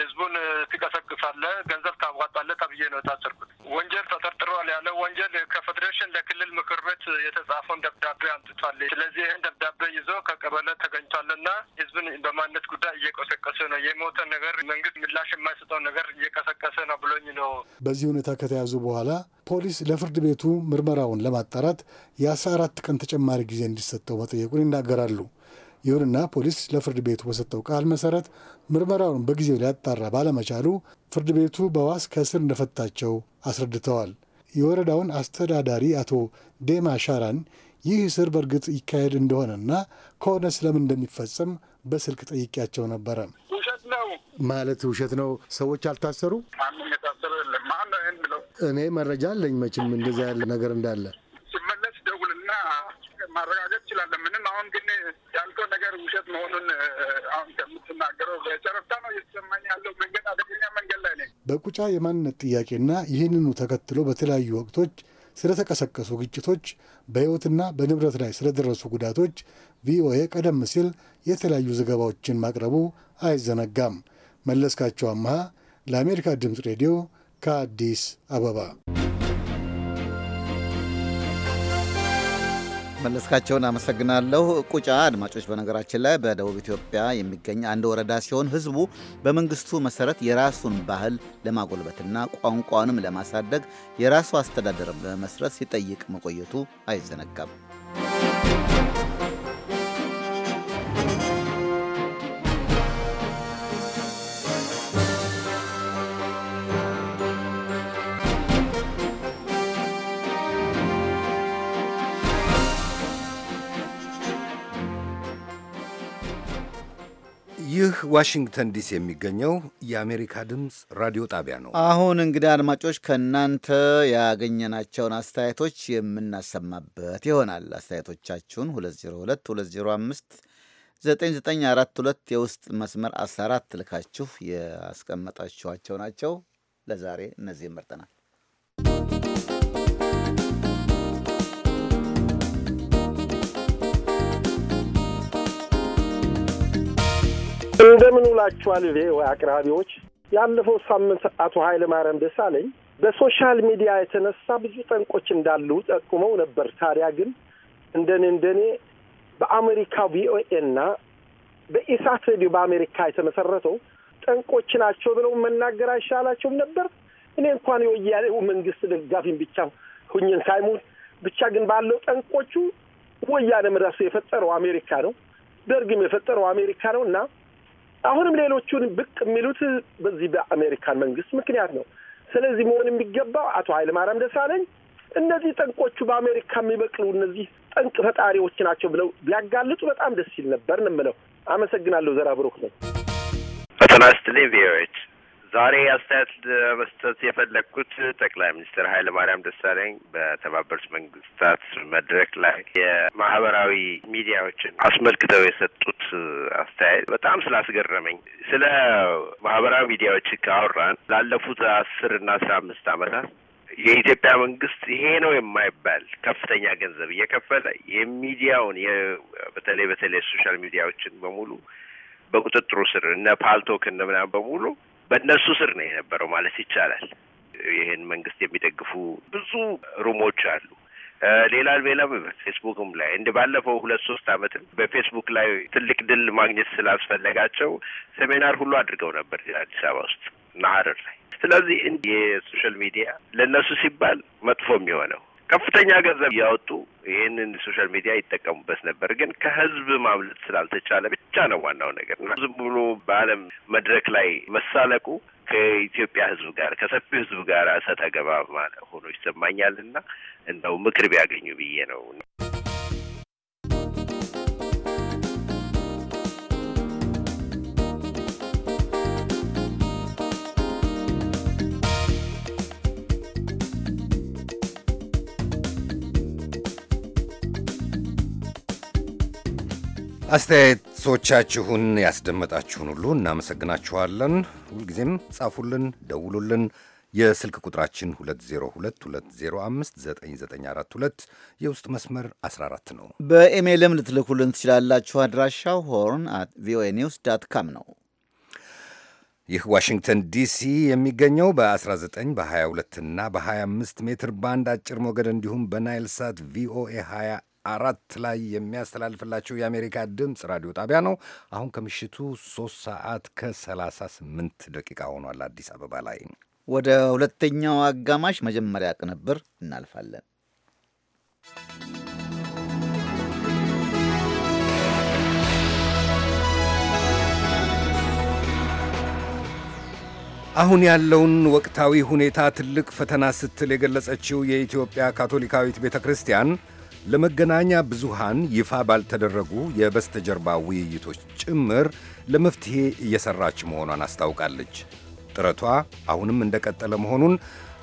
ህዝቡን ትቀሰቅሳለህ፣ ገንዘብ ታዋጣለህ ተብዬ ነው የታሰርኩት። ወንጀል ተጠርጥሯል ያለ ወንጀል ከፌዴሬሽን ለክልል ምክር ቤት የተጻፈውን ደብዳቤ አምጥቷል። ስለዚህ ይህን ደብዳቤ ይዞ ከቀበሌ ተገኝቷልና ህዝብን በማንነት ጉዳይ እየቀሰቀሰ ነው። የሞተ ነገር መንግስት ምላሽ የማይሰጠው ነገር እየቀሰቀሰ ነው ብሎኝ ነው። በዚህ ሁኔታ ከተያዙ በኋላ ፖሊስ ለፍርድ ቤቱ ምርመራውን ለማጣራት የአስራ አራት ቀን ተጨማሪ ጊዜ እንዲሰጠው መጠየቁን ይናገራሉ። ይሁንና ፖሊስ ለፍርድ ቤቱ በሰጠው ቃል መሰረት ምርመራውን በጊዜው ሊያጣራ ባለመቻሉ ፍርድ ቤቱ በዋስ ከእስር እንደፈታቸው አስረድተዋል። የወረዳውን አስተዳዳሪ አቶ ዴማ ሻራን ይህ እስር በእርግጥ ይካሄድ እንደሆነና ከሆነ ስለምን እንደሚፈጸም በስልክ ጠይቄያቸው ነበረ። ውሸት ነው ማለት ውሸት ነው። ሰዎች አልታሰሩ። የታሰሩ የለም። እኔ መረጃ አለኝ መቼም እንደዚያ ያለ ነገር እንዳለ ማረጋገጥ ይችላለን። ምንም አሁን ግን ያልከው ነገር ውሸት መሆኑን አሁን ከምትናገረው በጨረፍታ ነው እየተሰማኝ ያለው። መንገድ አደገኛ መንገድ ላይ ነኝ። በቁጫ የማንነት ጥያቄና ይህንኑ ተከትሎ በተለያዩ ወቅቶች ስለተቀሰቀሱ ግጭቶች፣ በሕይወትና በንብረት ላይ ስለደረሱ ጉዳቶች ቪኦኤ ቀደም ሲል የተለያዩ ዘገባዎችን ማቅረቡ አይዘነጋም። መለስካቸው አምሃ ለአሜሪካ ድምፅ ሬዲዮ ከአዲስ አበባ መለስካቸውን አመሰግናለሁ። ቁጫ አድማጮች፣ በነገራችን ላይ በደቡብ ኢትዮጵያ የሚገኝ አንድ ወረዳ ሲሆን ህዝቡ በመንግስቱ መሰረት የራሱን ባህል ለማጎልበትና ቋንቋንም ለማሳደግ የራሱ አስተዳደር በመስረት ሲጠይቅ መቆየቱ አይዘነጋም። ዋሽንግተን ዲሲ የሚገኘው የአሜሪካ ድምፅ ራዲዮ ጣቢያ ነው። አሁን እንግዲህ አድማጮች ከእናንተ ያገኘናቸውን አስተያየቶች የምናሰማበት ይሆናል። አስተያየቶቻችሁን 202 የውስጥ መስመር 14 ልካችሁ ያስቀመጣችኋቸው ናቸው። ለዛሬ እነዚህ መርጠናል። እንደምን ውላችኋል ቪኦኤ አቅራቢዎች። ያለፈው ሳምንት አቶ ኃይለ ማርያም ደሳለኝ በሶሻል ሚዲያ የተነሳ ብዙ ጠንቆች እንዳሉ ጠቁመው ነበር። ታዲያ ግን እንደኔ እንደኔ በአሜሪካ ቪኦኤና በኢሳት ሬዲዮ በአሜሪካ የተመሰረተው ጠንቆች ናቸው ብለው መናገር አይሻላቸውም ነበር? እኔ እንኳን የወያኔው መንግስት ደጋፊን ብቻ ሁኝን ሳይሙን ብቻ ግን ባለው ጠንቆቹ ወያኔ መድረሱ የፈጠረው አሜሪካ ነው፣ ደርግም የፈጠረው አሜሪካ ነው እና አሁንም ሌሎቹን ብቅ የሚሉት በዚህ በአሜሪካን መንግስት ምክንያት ነው። ስለዚህ መሆን የሚገባው አቶ ኃይለማርያም ደሳለኝ እነዚህ ጠንቆቹ በአሜሪካ የሚበቅሉ እነዚህ ጠንቅ ፈጣሪዎች ናቸው ብለው ቢያጋልጡ በጣም ደስ ይል ነበር ነው የምለው። አመሰግናለሁ። ዘራ ብሩክ ነኝ። ተናስትሌ ይስጥልኝ ዛሬ አስተያየት ለመስጠት የፈለግኩት ጠቅላይ ሚኒስትር ኃይለ ማርያም ደሳለኝ በተባበሩት መንግስታት መድረክ ላይ የማህበራዊ ሚዲያዎችን አስመልክተው የሰጡት አስተያየት በጣም ስላስገረመኝ፣ ስለ ማህበራዊ ሚዲያዎች ካወራን ላለፉት አስር እና አስራ አምስት አመታት የኢትዮጵያ መንግስት ይሄ ነው የማይባል ከፍተኛ ገንዘብ እየከፈለ የሚዲያውን በተለይ በተለይ ሶሻል ሚዲያዎችን በሙሉ በቁጥጥሩ ስር እነ ፓልቶክ እነ ምናምን በሙሉ በእነሱ ስር ነው የነበረው ማለት ይቻላል። ይህን መንግስት የሚደግፉ ብዙ ሩሞች አሉ። ሌላ ሌላ ፌስቡክም ላይ እንደ ባለፈው ሁለት ሶስት አመት በፌስቡክ ላይ ትልቅ ድል ማግኘት ስላስፈለጋቸው ሴሚናር ሁሉ አድርገው ነበር አዲስ አበባ ውስጥ እና ላይ። ስለዚህ የሶሻል ሚዲያ ለእነሱ ሲባል መጥፎ የሚሆነው ከፍተኛ ገንዘብ እያወጡ ይህንን ሶሻል ሚዲያ ይጠቀሙበት ነበር። ግን ከህዝብ ማምለጥ ስላልተቻለ ብቻ ነው ዋናው ነገር እና ዝም ብሎ በዓለም መድረክ ላይ መሳለቁ ከኢትዮጵያ ህዝብ ጋር ከሰፊው ህዝብ ጋር እሰጥ አገባ ሆኖ ይሰማኛል እና እንደው ምክር ቢያገኙ ብዬ ነው። አስተያየቶቻችሁን ያስደመጣችሁን ሁሉ እናመሰግናችኋለን። ሁልጊዜም ጻፉልን፣ ደውሉልን። የስልክ ቁጥራችን 2022059942 የውስጥ መስመር 14 ነው። በኢሜይልም ልትልኩልን ትችላላችሁ። አድራሻው ሆርን አት ቪኦኤ ኒውስ ዳት ካም ነው። ይህ ዋሽንግተን ዲሲ የሚገኘው በ19 በ22 እና በ25 ሜትር ባንድ አጭር ሞገድ እንዲሁም በናይል ሳት ቪኦኤ 20 አራት ላይ የሚያስተላልፍላችሁ የአሜሪካ ድምፅ ራዲዮ ጣቢያ ነው። አሁን ከምሽቱ ሶስት ሰዓት ከሰላሳ ስምንት ደቂቃ ሆኗል አዲስ አበባ ላይ። ወደ ሁለተኛው አጋማሽ መጀመሪያ ቅንብር እናልፋለን። አሁን ያለውን ወቅታዊ ሁኔታ ትልቅ ፈተና ስትል የገለጸችው የኢትዮጵያ ካቶሊካዊት ቤተ ክርስቲያን ለመገናኛ ብዙሃን ይፋ ባልተደረጉ የበስተጀርባ ውይይቶች ጭምር ለመፍትሄ እየሰራች መሆኗን አስታውቃለች። ጥረቷ አሁንም እንደቀጠለ መሆኑን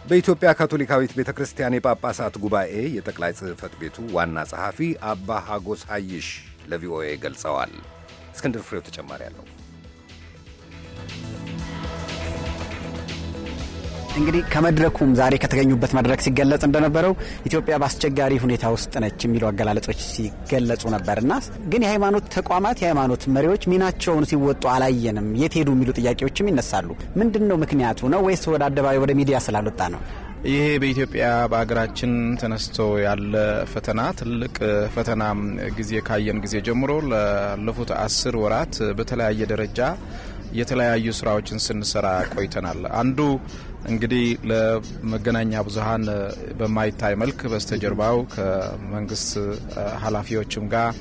በኢትዮጵያ ካቶሊካዊት ቤተ ክርስቲያን የጳጳሳት ጉባኤ የጠቅላይ ጽሕፈት ቤቱ ዋና ጸሐፊ አባ ሀጎስ ሀይሽ ለቪኦኤ ገልጸዋል። እስክንድር ፍሬው ተጨማሪ አለው። እንግዲህ ከመድረኩም ዛሬ ከተገኙበት መድረክ ሲገለጽ እንደነበረው ኢትዮጵያ በአስቸጋሪ ሁኔታ ውስጥ ነች የሚሉ አገላለጾች ሲገለጹ ነበርና ግን የሃይማኖት ተቋማት የሃይማኖት መሪዎች ሚናቸውን ሲወጡ አላየንም፣ የት ሄዱ የሚሉ ጥያቄዎችም ይነሳሉ። ምንድን ነው ምክንያቱ? ነው ወይስ ወደ አደባባይ ወደ ሚዲያ ስላልወጣ ነው? ይሄ በኢትዮጵያ በሀገራችን ተነስቶ ያለ ፈተና ትልቅ ፈተና ጊዜ ካየን ጊዜ ጀምሮ ላለፉት አስር ወራት በተለያየ ደረጃ የተለያዩ ስራዎችን ስንሰራ ቆይተናል። አንዱ እንግዲህ ለመገናኛ ብዙሀን በማይታይ መልክ በስተጀርባው ከመንግስት ኃላፊዎችም ጋር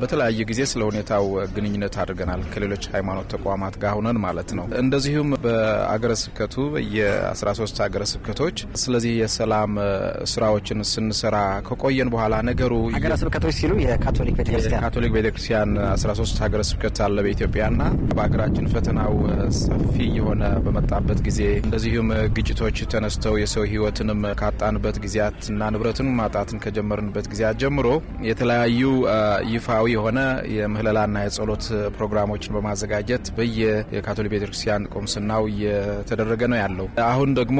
በተለያየ ጊዜ ስለ ሁኔታው ግንኙነት አድርገናል ከሌሎች ሃይማኖት ተቋማት ጋር ሆነን ማለት ነው። እንደዚሁም በአገረ ስብከቱ የ13 አገረ ስብከቶች ስለዚህ የሰላም ስራዎችን ስንሰራ ከቆየን በኋላ ነገሩ አገረ ስብከቶች ሲሉ የካቶሊክ ቤተክርስቲያን ካቶሊክ ቤተክርስቲያን 13 ሀገረ ስብከት አለ በኢትዮጵያና በሀገራችን ፈተናው ሰፊ የሆነ በመጣበት ጊዜ እንደዚሁም ግጭቶች ተነስተው የሰው ህይወትንም ካጣንበት ጊዜያትና ንብረትን ማጣትን ከጀመርንበት ጊዜያት ጀምሮ የተለያዩ ይፋዊ የሆነ የምህለላና የጸሎት ፕሮግራሞችን በማዘጋጀት በየካቶሊክ ቤተክርስቲያን ቆምስናው እየተደረገ ነው ያለው። አሁን ደግሞ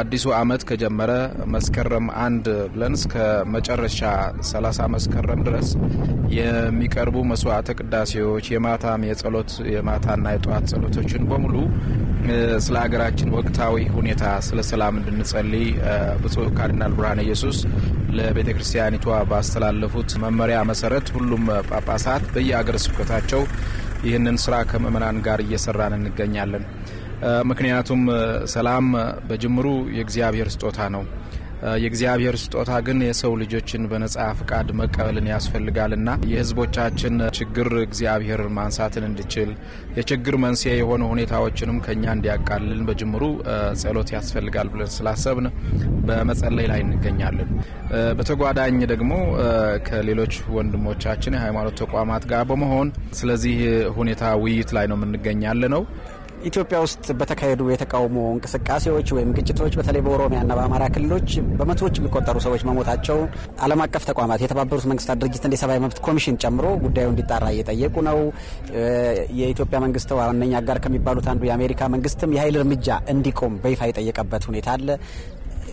አዲሱ አመት ከጀመረ መስከረም አንድ ብለን እስከ መጨረሻ 30 መስከረም ድረስ የሚቀርቡ መስዋዕተ ቅዳሴዎች፣ የማታም የጸሎት የማታና የጠዋት ጸሎቶችን በሙሉ ስለ ሀገራችን ወቅታዊ ሁኔታ ስለ ሰላም እንድንጸልይ ብፁዕ ካርዲናል ብርሃነ ኢየሱስ ለቤተ ክርስቲያኒቷ ባስተላለፉት መመሪያ መሰረት ሁሉ ሁሉም ጳጳሳት በየአገረ ስብከታቸው ይህንን ስራ ከምእመናን ጋር እየሰራን እንገኛለን። ምክንያቱም ሰላም በጅምሩ የእግዚአብሔር ስጦታ ነው። የእግዚአብሔር ስጦታ ግን የሰው ልጆችን በነጻ ፍቃድ መቀበልን ያስፈልጋልና የህዝቦቻችን ችግር እግዚአብሔር ማንሳትን እንዲችል የችግር መንስኤ የሆነ ሁኔታዎችንም ከኛ እንዲያቃልልን በጅምሩ ጸሎት ያስፈልጋል ብለን ስላሰብን በመጸለይ ላይ እንገኛለን። በተጓዳኝ ደግሞ ከሌሎች ወንድሞቻችን የሃይማኖት ተቋማት ጋር በመሆን ስለዚህ ሁኔታ ውይይት ላይ ነው የምንገኛለ ነው። ኢትዮጵያ ውስጥ በተካሄዱ የተቃውሞ እንቅስቃሴዎች ወይም ግጭቶች በተለይ በኦሮሚያና በአማራ ክልሎች በመቶዎች የሚቆጠሩ ሰዎች መሞታቸው ዓለም አቀፍ ተቋማት የተባበሩት መንግስታት ድርጅትን የሰብአዊ መብት ኮሚሽን ጨምሮ ጉዳዩ እንዲጣራ እየጠየቁ ነው። የኢትዮጵያ መንግስት ዋነኛ አጋር ከሚባሉት አንዱ የአሜሪካ መንግስትም የኃይል እርምጃ እንዲቆም በይፋ የጠየቀበት ሁኔታ አለ።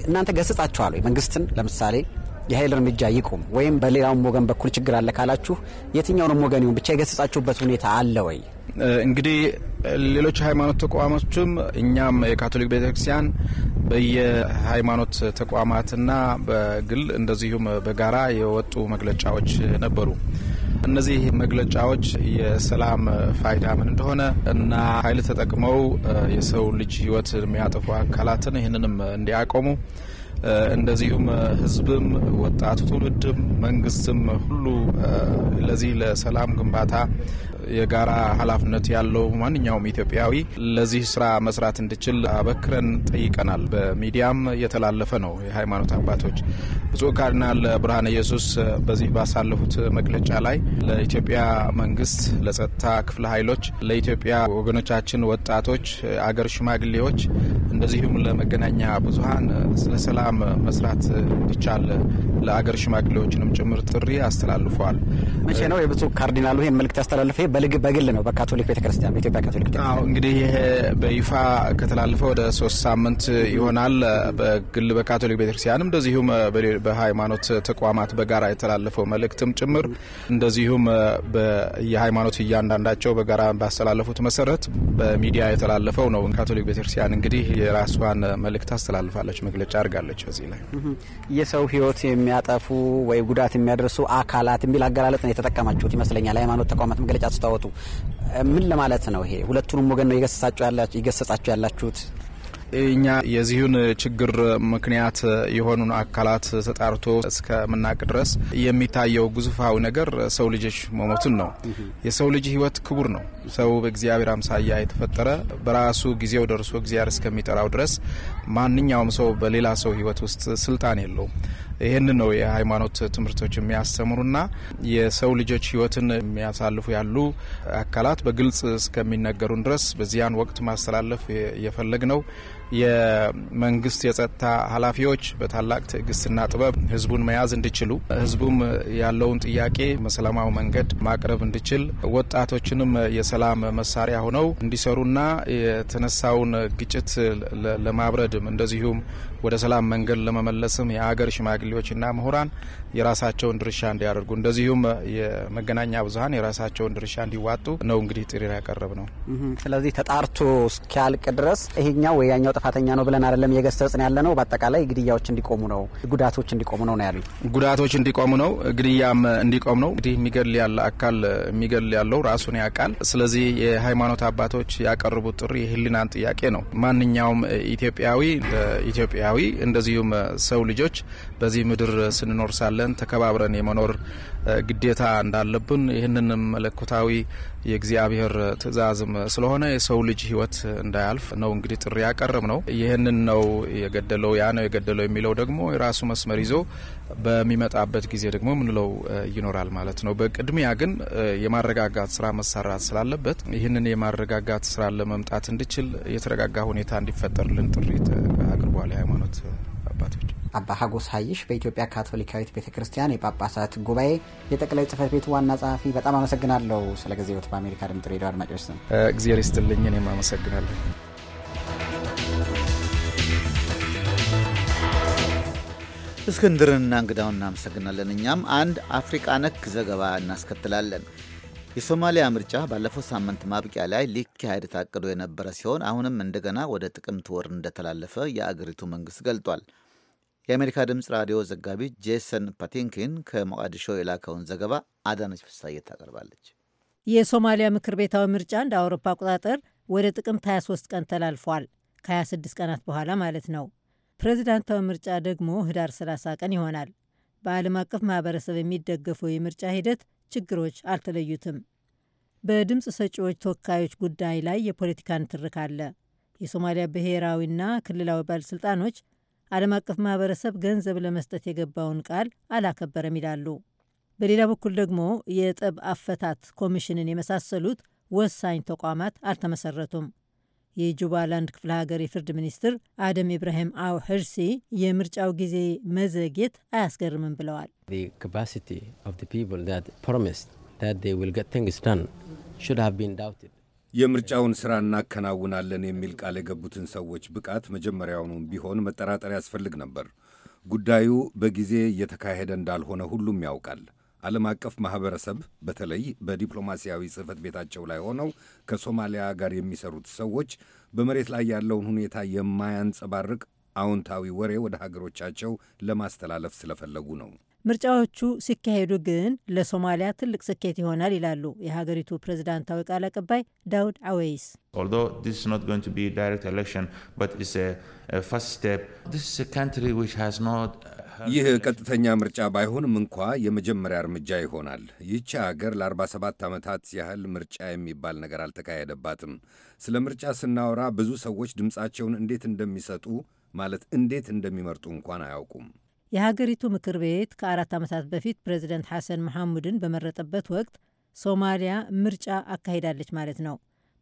እናንተ ገስጻችኋል ወይ መንግስትን ለምሳሌ የኃይል እርምጃ ይቁም ወይም በሌላውም ወገን በኩል ችግር አለ ካላችሁ የትኛውንም ወገን ይሁን ብቻ የገሰጻችሁበት ሁኔታ አለ ወይ? እንግዲህ ሌሎች ሃይማኖት ተቋማቶችም እኛም የካቶሊክ ቤተክርስቲያን በየሃይማኖት ተቋማትና በግል እንደዚሁም በጋራ የወጡ መግለጫዎች ነበሩ። እነዚህ መግለጫዎች የሰላም ፋይዳ ምን እንደሆነ እና ኃይል ተጠቅመው የሰው ልጅ ሕይወት የሚያጠፉ አካላትን ይህንንም እንዲያቆሙ እንደዚሁም ህዝብም፣ ወጣቱ ትውልድም፣ መንግስትም ሁሉ ለዚህ ለሰላም ግንባታ የጋራ ኃላፊነት ያለው ማንኛውም ኢትዮጵያዊ ለዚህ ስራ መስራት እንዲችል አበክረን ጠይቀናል። በሚዲያም የተላለፈ ነው። የሃይማኖት አባቶች ብፁዕ ካርዲናል ብርሃነ ኢየሱስ በዚህ ባሳለፉት መግለጫ ላይ ለኢትዮጵያ መንግስት፣ ለጸጥታ ክፍለ ኃይሎች፣ ለኢትዮጵያ ወገኖቻችን ወጣቶች፣ አገር ሽማግሌዎች እንደዚሁም ለመገናኛ ብዙሀን ስለ ሰላም መስራት እንዲቻል ለአገር ሽማግሌዎችንም ጭምር ጥሪ አስተላልፈዋል። መቼ ነው የብፁዕ ካርዲናሉ ይህን መልእክት ያስተላልፈ? በግል ነው በካቶሊክ ቤተክርስቲያን በኢትዮጵያ ካቶሊክ ቤተክርስቲያን። እንግዲህ ይህ በይፋ ከተላለፈ ወደ ሶስት ሳምንት ይሆናል። በግል በካቶሊክ ቤተክርስቲያንም እንደዚሁም በሃይማኖት ተቋማት በጋራ የተላለፈው መልእክትም ጭምር እንደዚሁም የሃይማኖት እያንዳንዳቸው በጋራ ባስተላለፉት መሰረት በሚዲያ የተላለፈው ነው። ካቶሊክ ቤተክርስቲያን እንግዲህ የራሷን መልእክት አስተላልፋለች፣ መግለጫ አድርጋለች። በዚህ ላይ የሰው ህይወት የሚያጠፉ ወይ ጉዳት የሚያደርሱ አካላት የሚል አገላለጥ ነው የተጠቀማችሁት ይመስለኛል። ሃይማኖት ተቋማት መግለጫ ስታወጡ ምን ለማለት ነው? ይሄ ሁለቱንም ወገን ነው የገሰጻችሁ ያላችሁት? እኛ የዚሁን ችግር ምክንያት የሆኑን አካላት ተጣርቶ እስከምናቅ ድረስ የሚታየው ግዙፋዊ ነገር ሰው ልጆች መሞትን ነው። የሰው ልጅ ሕይወት ክቡር ነው። ሰው በእግዚአብሔር አምሳያ የተፈጠረ በራሱ ጊዜው ደርሶ እግዚአብሔር እስከሚጠራው ድረስ ማንኛውም ሰው በሌላ ሰው ሕይወት ውስጥ ስልጣን የለውም። ይህን ነው የሃይማኖት ትምህርቶች የሚያስተምሩና የሰው ልጆች ህይወትን የሚያሳልፉ ያሉ አካላት በግልጽ እስከሚነገሩን ድረስ በዚያን ወቅት ማስተላለፍ የፈለግ ነው። የመንግስት የጸጥታ ኃላፊዎች በታላቅ ትዕግስትና ጥበብ ህዝቡን መያዝ እንዲችሉ ህዝቡም ያለውን ጥያቄ በሰላማዊ መንገድ ማቅረብ እንዲችል ወጣቶችንም የሰላም መሳሪያ ሆነው እንዲሰሩና የተነሳውን ግጭት ለማብረድም እንደዚሁም ወደ ሰላም መንገድ ለመመለስም የአገር ሽማግሌዎችና ምሁራን የራሳቸውን ድርሻ እንዲያደርጉ እንደዚሁም የመገናኛ ብዙሀን የራሳቸውን ድርሻ እንዲዋጡ ነው እንግዲህ ጥሪ ያቀረብ ነው። ስለዚህ ተጣርቶ እስኪያልቅ ድረስ ይሄኛው ወያኛው ጥፋተኛ ነው ብለን አይደለም እየገሰጽን ያለ ነው። በአጠቃላይ ግድያዎች እንዲቆሙ ነው፣ ጉዳቶች እንዲቆሙ ነው ያሉ ጉዳቶች እንዲቆሙ ነው፣ ግድያም እንዲቆም ነው። እንግዲህ የሚገል ያለ አካል የሚገል ያለው ራሱን ያውቃል። ስለዚህ የሃይማኖት አባቶች ያቀርቡት ጥሪ የህሊናን ጥያቄ ነው። ማንኛውም ኢትዮጵያዊ ኢትዮጵያዊ እንደዚሁም ሰው ልጆች በዚህ ምድር ስንኖር ሳለ አለን። ተከባብረን የመኖር ግዴታ እንዳለብን ይህንንም መለኮታዊ የእግዚአብሔር ትእዛዝም ስለሆነ የሰው ልጅ ህይወት እንዳያልፍ ነው እንግዲህ ጥሪ ያቀረብ ነው። ይህንን ነው የገደለው ያ ነው የገደለው የሚለው ደግሞ የራሱ መስመር ይዞ በሚመጣበት ጊዜ ደግሞ ምንለው ይኖራል ማለት ነው። በቅድሚያ ግን የማረጋጋት ስራ መሰራት ስላለበት ይህንን የማረጋጋት ስራ ለመምጣት እንዲችል የተረጋጋ ሁኔታ እንዲፈጠርልን ጥሪ አቅርቧል የሃይማኖት አባ ሀጎስ ሀይሽ በኢትዮጵያ ካቶሊካዊት ቤተ ክርስቲያን የጳጳሳት ጉባኤ የጠቅላይ ጽህፈት ቤቱ ዋና ጸሐፊ፣ በጣም አመሰግናለሁ ስለ ጊዜዎት። በአሜሪካ ድምጽ ሬዲዮ አድማጮች ስም እግዚአብሔር ይስጥልኝ። እኔም አመሰግናለሁ። እስክንድርንና እንግዳውን እናመሰግናለን። እኛም አንድ አፍሪቃ ነክ ዘገባ እናስከትላለን። የሶማሊያ ምርጫ ባለፈው ሳምንት ማብቂያ ላይ ሊካሄድ ታቅዶ የነበረ ሲሆን አሁንም እንደገና ወደ ጥቅምት ወር እንደተላለፈ የአገሪቱ መንግስት ገልጧል። የአሜሪካ ድምፅ ራዲዮ ዘጋቢ ጄሰን ፓቲንኪን ከሞቃዲሾ የላከውን ዘገባ አዳነች ፍሳየት ታቀርባለች። የሶማሊያ ምክር ቤታዊ ምርጫ እንደ አውሮፓ አቆጣጠር ወደ ጥቅምት 23 ቀን ተላልፏል። ከ26 ቀናት በኋላ ማለት ነው። ፕሬዚዳንታዊ ምርጫ ደግሞ ህዳር 30 ቀን ይሆናል። በዓለም አቀፍ ማህበረሰብ የሚደገፈው የምርጫ ሂደት ችግሮች አልተለዩትም። በድምፅ ሰጪዎች ተወካዮች ጉዳይ ላይ የፖለቲካ ንትርክ አለ። የሶማሊያ ብሔራዊና ክልላዊ ባለሥልጣኖች ዓለም አቀፍ ማህበረሰብ ገንዘብ ለመስጠት የገባውን ቃል አላከበረም ይላሉ። በሌላ በኩል ደግሞ የጠብ አፈታት ኮሚሽንን የመሳሰሉት ወሳኝ ተቋማት አልተመሰረቱም። የጁባላንድ ክፍለ ሀገር የፍርድ ሚኒስትር አደም ኢብራሂም አው ሕርሲ የምርጫው ጊዜ መዘግየት አያስገርምም ብለዋል። ካፓሲቲ ኦፍ ዘ ፒፕል ዊል ቲንግስ ዳን ሹድ ሃቭ ቢን ዳውትድ የምርጫውን ስራ እናከናውናለን የሚል ቃል የገቡትን ሰዎች ብቃት መጀመሪያውኑም ቢሆን መጠራጠር ያስፈልግ ነበር። ጉዳዩ በጊዜ እየተካሄደ እንዳልሆነ ሁሉም ያውቃል። ዓለም አቀፍ ማህበረሰብ በተለይ በዲፕሎማሲያዊ ጽሕፈት ቤታቸው ላይ ሆነው ከሶማሊያ ጋር የሚሰሩት ሰዎች በመሬት ላይ ያለውን ሁኔታ የማያንጸባርቅ አዎንታዊ ወሬ ወደ ሀገሮቻቸው ለማስተላለፍ ስለፈለጉ ነው። ምርጫዎቹ ሲካሄዱ ግን ለሶማሊያ ትልቅ ስኬት ይሆናል ይላሉ የሀገሪቱ ፕሬዝዳንታዊ ቃል አቀባይ ዳውድ አወይስ። uh, ይህ ቀጥተኛ ምርጫ ባይሆንም እንኳ የመጀመሪያ እርምጃ ይሆናል። ይህች አገር ለ47 ዓመታት ያህል ምርጫ የሚባል ነገር አልተካሄደባትም። ስለ ምርጫ ስናወራ ብዙ ሰዎች ድምፃቸውን እንዴት እንደሚሰጡ ማለት እንዴት እንደሚመርጡ እንኳን አያውቁም። የሀገሪቱ ምክር ቤት ከአራት ዓመታት በፊት ፕሬዚደንት ሐሰን መሐሙድን በመረጠበት ወቅት ሶማሊያ ምርጫ አካሂዳለች ማለት ነው።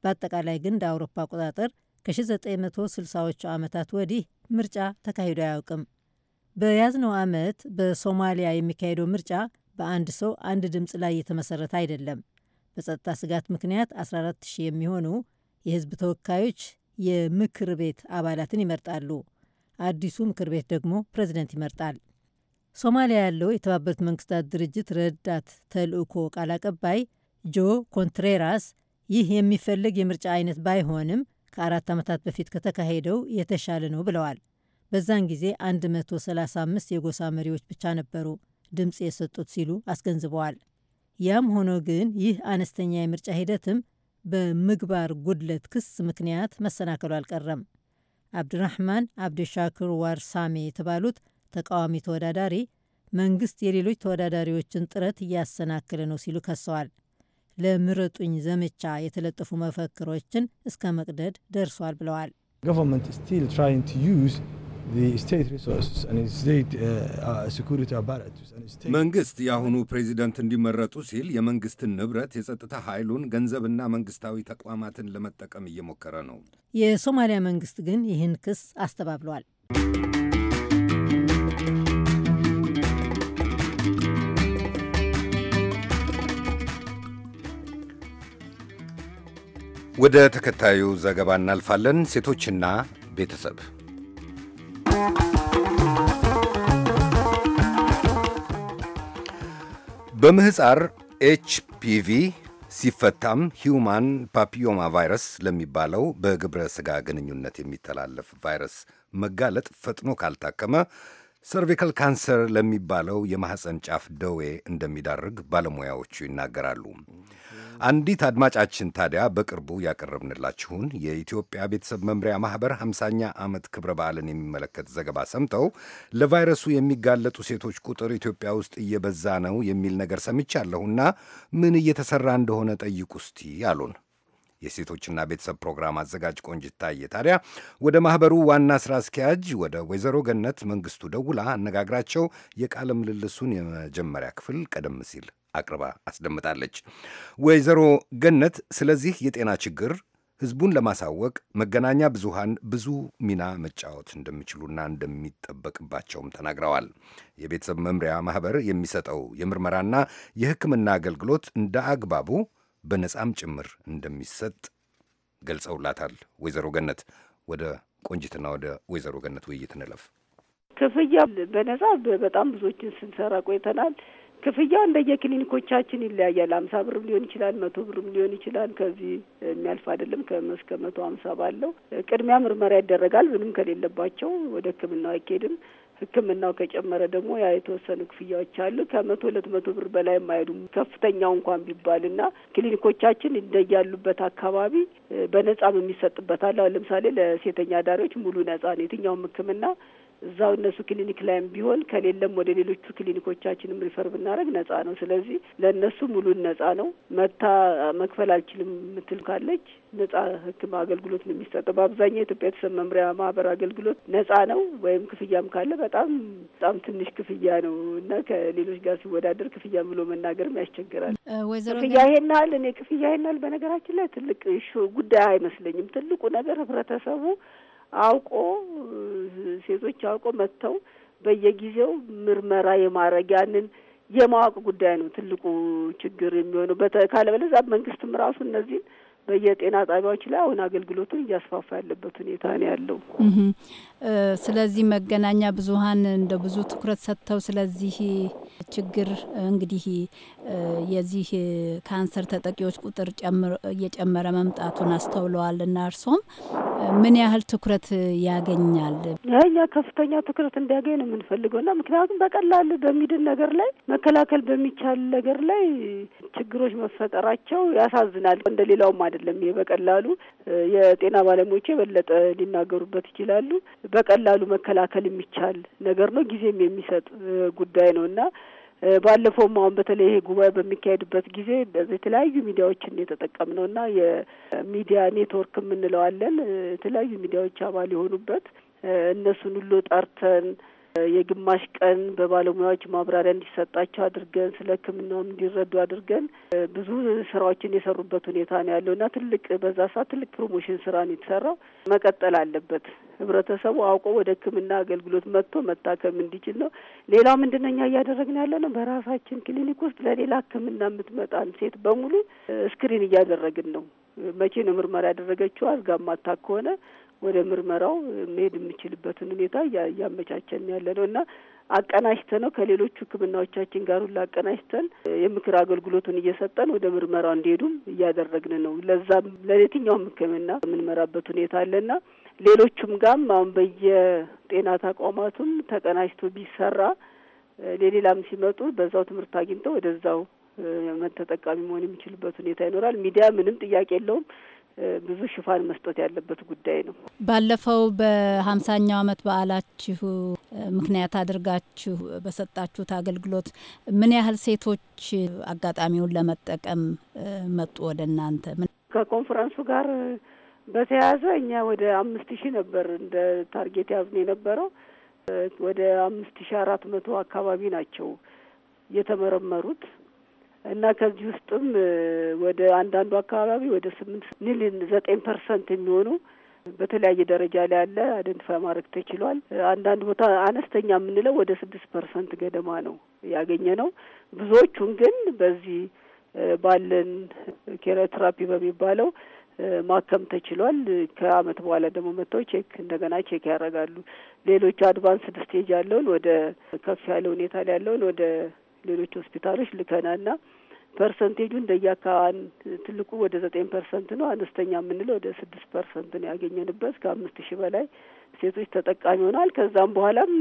በአጠቃላይ ግን እንደ አውሮፓ አቆጣጠር ከ1960ዎቹ ዓመታት ወዲህ ምርጫ ተካሂዶ አያውቅም። በያዝነው ዓመት በሶማሊያ የሚካሄደው ምርጫ በአንድ ሰው አንድ ድምፅ ላይ የተመሰረተ አይደለም። በጸጥታ ስጋት ምክንያት 14 ሺህ የሚሆኑ የህዝብ ተወካዮች የምክር ቤት አባላትን ይመርጣሉ። አዲሱ ምክር ቤት ደግሞ ፕሬዝደንት ይመርጣል። ሶማሊያ ያለው የተባበሩት መንግስታት ድርጅት ረዳት ተልእኮ ቃል አቀባይ ጆ ኮንትሬራስ ይህ የሚፈለግ የምርጫ አይነት ባይሆንም ከአራት ዓመታት በፊት ከተካሄደው የተሻለ ነው ብለዋል። በዛን ጊዜ 135 የጎሳ መሪዎች ብቻ ነበሩ ድምፅ የሰጡት ሲሉ አስገንዝበዋል። ያም ሆኖ ግን ይህ አነስተኛ የምርጫ ሂደትም በምግባር ጉድለት ክስ ምክንያት መሰናከሉ አልቀረም። አብድራህማን አብድሻክር ዋርሳሜ የተባሉት ተቃዋሚ ተወዳዳሪ መንግስት የሌሎች ተወዳዳሪዎችን ጥረት እያሰናከለ ነው ሲሉ ከሰዋል። ለምረጡኝ ዘመቻ የተለጠፉ መፈክሮችን እስከ መቅደድ ደርሷል ብለዋል። Uh, uh, መንግስት የአሁኑ ፕሬዚደንት እንዲመረጡ ሲል የመንግስትን ንብረት፣ የጸጥታ ኃይሉን፣ ገንዘብና መንግስታዊ ተቋማትን ለመጠቀም እየሞከረ ነው። የሶማሊያ መንግስት ግን ይህን ክስ አስተባብሏል። ወደ ተከታዩ ዘገባ እናልፋለን። ሴቶችና ቤተሰብ በምህፃር ኤችፒቪ ሲፈታም ሂውማን ፓፒዮማ ቫይረስ ለሚባለው በግብረ ሥጋ ግንኙነት የሚተላለፍ ቫይረስ መጋለጥ ፈጥኖ ካልታከመ ሰርቪካል ካንሰር ለሚባለው የማህፀን ጫፍ ደዌ እንደሚዳርግ ባለሙያዎቹ ይናገራሉ። አንዲት አድማጫችን ታዲያ በቅርቡ ያቀረብንላችሁን የኢትዮጵያ ቤተሰብ መምሪያ ማህበር 5ምሳኛ ዓመት ክብረ በዓልን የሚመለከት ዘገባ ሰምተው ለቫይረሱ የሚጋለጡ ሴቶች ቁጥር ኢትዮጵያ ውስጥ እየበዛ ነው የሚል ነገር ሰምቻለሁና ምን እየተሰራ እንደሆነ ጠይቁ እስቲ አሉን። የሴቶችና ቤተሰብ ፕሮግራም አዘጋጅ ቆንጅት ታዲያ ወደ ማኅበሩ ዋና ሥራ አስኪያጅ ወደ ወይዘሮ ገነት መንግሥቱ ደውላ አነጋግራቸው የቃለ ምልልሱን የመጀመሪያ ክፍል ቀደም ሲል አቅርባ አስደምጣለች። ወይዘሮ ገነት ስለዚህ የጤና ችግር ህዝቡን ለማሳወቅ መገናኛ ብዙሃን ብዙ ሚና መጫወት እንደሚችሉና እንደሚጠበቅባቸውም ተናግረዋል። የቤተሰብ መምሪያ ማኅበር የሚሰጠው የምርመራና የሕክምና አገልግሎት እንደ አግባቡ በነጻም ጭምር እንደሚሰጥ ገልጸውላታል። ወይዘሮ ገነት ወደ ቆንጅትና ወደ ወይዘሮ ገነት ውይይት እንለፍ። ክፍያ በነጻ በጣም ብዙዎችን ስንሰራ ቆይተናል። ክፍያው እንደየክሊኒኮቻችን ይለያያል። አምሳ ብርም ሊሆን ይችላል፣ መቶ ብርም ሊሆን ይችላል። ከዚህ የሚያልፍ አይደለም። ከመስከ መቶ አምሳ ባለው ቅድሚያ ምርመራ ይደረጋል። ምንም ከሌለባቸው ወደ ሕክምናው አይኬድም። ህክምናው ከጨመረ ደግሞ ያ የተወሰኑ ክፍያዎች አሉ። ከመቶ ሁለት መቶ ብር በላይ የማይሄዱም ከፍተኛው እንኳን ቢባል እና ክሊኒኮቻችን እንደያሉበት አካባቢ በነጻም የሚሰጥበታል። ለምሳሌ ለሴተኛ አዳሪዎች ሙሉ ነጻ ነው የትኛውም ህክምና እዛው እነሱ ክሊኒክ ላይም ቢሆን ከሌለም ወደ ሌሎቹ ክሊኒኮቻችንም ሪፈር ብናደረግ ነጻ ነው። ስለዚህ ለእነሱ ሙሉን ነጻ ነው። መታ መክፈል አልችልም ምትል ካለች ነጻ ህክም አገልግሎት ነው የሚሰጠው። በአብዛኛው የኢትዮጵያ ቤተሰብ መምሪያ ማህበር አገልግሎት ነጻ ነው። ወይም ክፍያም ካለ በጣም በጣም ትንሽ ክፍያ ነው እና ከሌሎች ጋር ሲወዳደር ክፍያም ብሎ መናገርም ያስቸግራል። ክፍያ ይሄናል እኔ ክፍያ ይሄናል በነገራችን ላይ ትልቅ ጉዳይ አይመስለኝም። ትልቁ ነገር ህብረተሰቡ አውቆ ሴቶች አውቆ መጥተው በየጊዜው ምርመራ የማድረግ ያንን የማወቅ ጉዳይ ነው ትልቁ ችግር የሚሆነው። ካለበለዚያ መንግስትም ራሱ እነዚህን በየጤና ጣቢያዎች ላይ አሁን አገልግሎቱን እያስፋፋ ያለበት ሁኔታ ነው ያለው። ስለዚህ መገናኛ ብዙሀን እንደ ብዙ ትኩረት ሰጥተው ስለዚህ ችግር እንግዲህ የዚህ ካንሰር ተጠቂዎች ቁጥር እየጨመረ መምጣቱን አስተውለዋል እና እርሶም ምን ያህል ትኩረት ያገኛል? እኛ ከፍተኛ ትኩረት እንዲያገኝ ነው የምንፈልገው እና ምክንያቱም በቀላል በሚድን ነገር ላይ መከላከል በሚቻል ነገር ላይ ችግሮች መፈጠራቸው ያሳዝናል። እንደ ሌላውም አይደለም። ይሄ በቀላሉ የጤና ባለሙያዎች የበለጠ ሊናገሩበት ይችላሉ። በቀላሉ መከላከል የሚቻል ነገር ነው። ጊዜም የሚሰጥ ጉዳይ ነው እና ባለፈውም አሁን በተለይ ይሄ ጉባኤ በሚካሄድበት ጊዜ የተለያዩ ሚዲያዎችን የተጠቀም ነው እና የሚዲያ ኔትወርክ የምንለዋለን የተለያዩ ሚዲያዎች አባል የሆኑበት እነሱን ሁሉ ጠርተን የግማሽ ቀን በባለሙያዎች ማብራሪያ እንዲሰጣቸው አድርገን ስለ ሕክምናውም እንዲረዱ አድርገን ብዙ ስራዎችን የሰሩበት ሁኔታ ነው ያለው እና ትልቅ በዛ ሰዓት ትልቅ ፕሮሞሽን ስራ ነው የተሰራው። መቀጠል አለበት። ህብረተሰቡ አውቆ ወደ ሕክምና አገልግሎት መጥቶ መታከም እንዲችል ነው። ሌላው ምንድነው እኛ እያደረግን ያለ ነው፣ በራሳችን ክሊኒክ ውስጥ ለሌላ ሕክምና የምትመጣን ሴት በሙሉ ስክሪን እያደረግን ነው። መቼ ነው ምርመራ ያደረገችው? አልጋ ማታ ከሆነ ወደ ምርመራው መሄድ የምችልበትን ሁኔታ እያመቻቸን ያለ ነው እና አቀናጅተ ነው ከሌሎቹ ሕክምናዎቻችን ጋር ሁሉ አቀናጅተን የምክር አገልግሎቱን እየሰጠን ወደ ምርመራው እንዲሄዱም እያደረግን ነው። ለዛም ለየትኛውም ሕክምና የምንመራበት ሁኔታ አለና ሌሎቹም ጋም አሁን በየጤና ተቋማቱም ተቀናጅቶ ቢሰራ ለሌላም ሲመጡ በዛው ትምህርት አግኝተው ወደዛው ተጠቃሚ መሆን የሚችልበት ሁኔታ ይኖራል። ሚዲያ ምንም ጥያቄ የለውም። ብዙ ሽፋን መስጠት ያለበት ጉዳይ ነው። ባለፈው በሀምሳኛው አመት በዓላችሁ ምክንያት አድርጋችሁ በሰጣችሁት አገልግሎት ምን ያህል ሴቶች አጋጣሚውን ለመጠቀም መጡ ወደ እናንተ? ከኮንፈረንሱ ጋር በተያያዘ እኛ ወደ አምስት ሺህ ነበር እንደ ታርጌት ያዝን የነበረው ወደ አምስት ሺህ አራት መቶ አካባቢ ናቸው የተመረመሩት እና ከዚህ ውስጥም ወደ አንዳንዱ አካባቢ ወደ ስምንት ሚሊዮን ዘጠኝ ፐርሰንት የሚሆኑ በተለያየ ደረጃ ላይ ያለ አይደንቲፋይ ማድረግ ተችሏል። አንዳንድ ቦታ አነስተኛ የምንለው ወደ ስድስት ፐርሰንት ገደማ ነው ያገኘ ነው። ብዙዎቹን ግን በዚህ ባለን ኬሪዮቴራፒ በሚባለው ማከም ተችሏል። ከአመት በኋላ ደግሞ መጥተው ቼክ እንደገና ቼክ ያደርጋሉ። ሌሎቹ አድቫንስድ ስቴጅ ያለውን ወደ ከፍ ያለ ሁኔታ ላይ ያለውን ወደ ሌሎች ሆስፒታሎች ልከናና ፐርሰንቴጁ እንደየአካባቢ ትልቁ ወደ ዘጠኝ ፐርሰንት ነው። አነስተኛ የምንለው ወደ ስድስት ፐርሰንት ነው ያገኘንበት። ከአምስት ሺህ በላይ ሴቶች ተጠቃሚ ሆናል። ከዛም በኋላም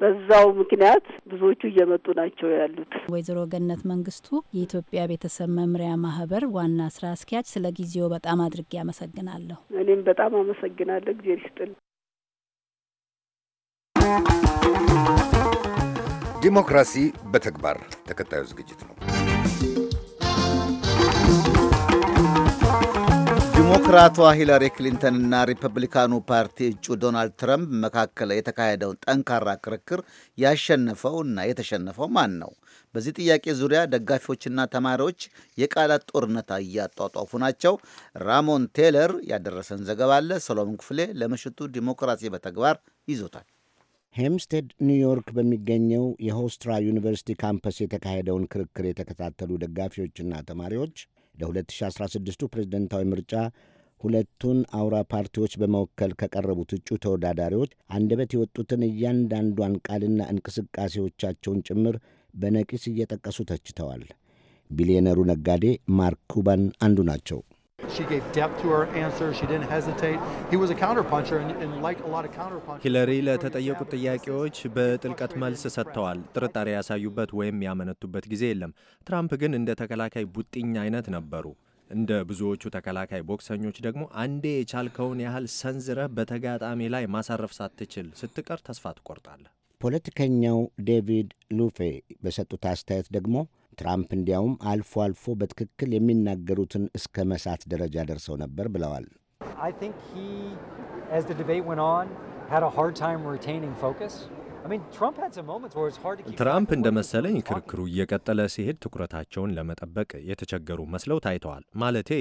በዛው ምክንያት ብዙዎቹ እየመጡ ናቸው ያሉት። ወይዘሮ ገነት መንግስቱ የኢትዮጵያ ቤተሰብ መምሪያ ማህበር ዋና ስራ አስኪያጅ፣ ስለ ጊዜው በጣም አድርጌ አመሰግናለሁ። እኔም በጣም አመሰግናለሁ። ጊዜ ይስጥልኝ። ዲሞክራሲ በተግባር ተከታዩ ዝግጅት ነው። ዲሞክራቷ ሂላሪ እና ሪፐብሊካኑ ፓርቲ እጩ ዶናልድ ትራምፕ መካከል የተካሄደውን ጠንካራ ክርክር ያሸነፈው እና የተሸነፈው ማን ነው? በዚህ ጥያቄ ዙሪያ ደጋፊዎችና ተማሪዎች የቃላት ጦርነት እያጧጧፉ ናቸው። ራሞን ቴለር ያደረሰን ዘገባ አለ። ሰሎሞን ክፍሌ ለምሽቱ ዲሞክራሲ በተግባር ይዞታል። ሄምስቴድ ኒውዮርክ በሚገኘው የሆስትራ ዩኒቨርሲቲ ካምፐስ የተካሄደውን ክርክር የተከታተሉ ደጋፊዎችና ተማሪዎች ለ2016ቱ ፕሬዝደንታዊ ምርጫ ሁለቱን አውራ ፓርቲዎች በመወከል ከቀረቡት እጩ ተወዳዳሪዎች አንደበት የወጡትን እያንዳንዷን ቃልና እንቅስቃሴዎቻቸውን ጭምር በነቂስ እየጠቀሱ ተችተዋል። ቢሊዮነሩ ነጋዴ ማርክ ኩባን አንዱ ናቸው። She gave depth to her answer. She didn't hesitate. He was a counterpuncher and, and like a lot of counterpunchers. ሂለሪ ለተጠየቁት ጥያቄዎች በጥልቀት መልስ ሰጥተዋል። ጥርጣሬ ያሳዩበት ወይም ያመነቱበት ጊዜ የለም። ትራምፕ ግን እንደ ተከላካይ ቡጢኝ አይነት ነበሩ። እንደ ብዙዎቹ ተከላካይ ቦክሰኞች ደግሞ አንዴ የቻልከውን ያህል ሰንዝረህ በተጋጣሚ ላይ ማሳረፍ ሳትችል ስትቀር ተስፋ ትቆርጣለህ። ፖለቲከኛው ዴቪድ ሉፌ በሰጡት አስተያየት ደግሞ ትራምፕ እንዲያውም አልፎ አልፎ በትክክል የሚናገሩትን እስከ መሳት ደረጃ ደርሰው ነበር ብለዋል። ትራምፕ እንደ መሰለኝ ክርክሩ እየቀጠለ ሲሄድ ትኩረታቸውን ለመጠበቅ የተቸገሩ መስለው ታይተዋል። ማለቴ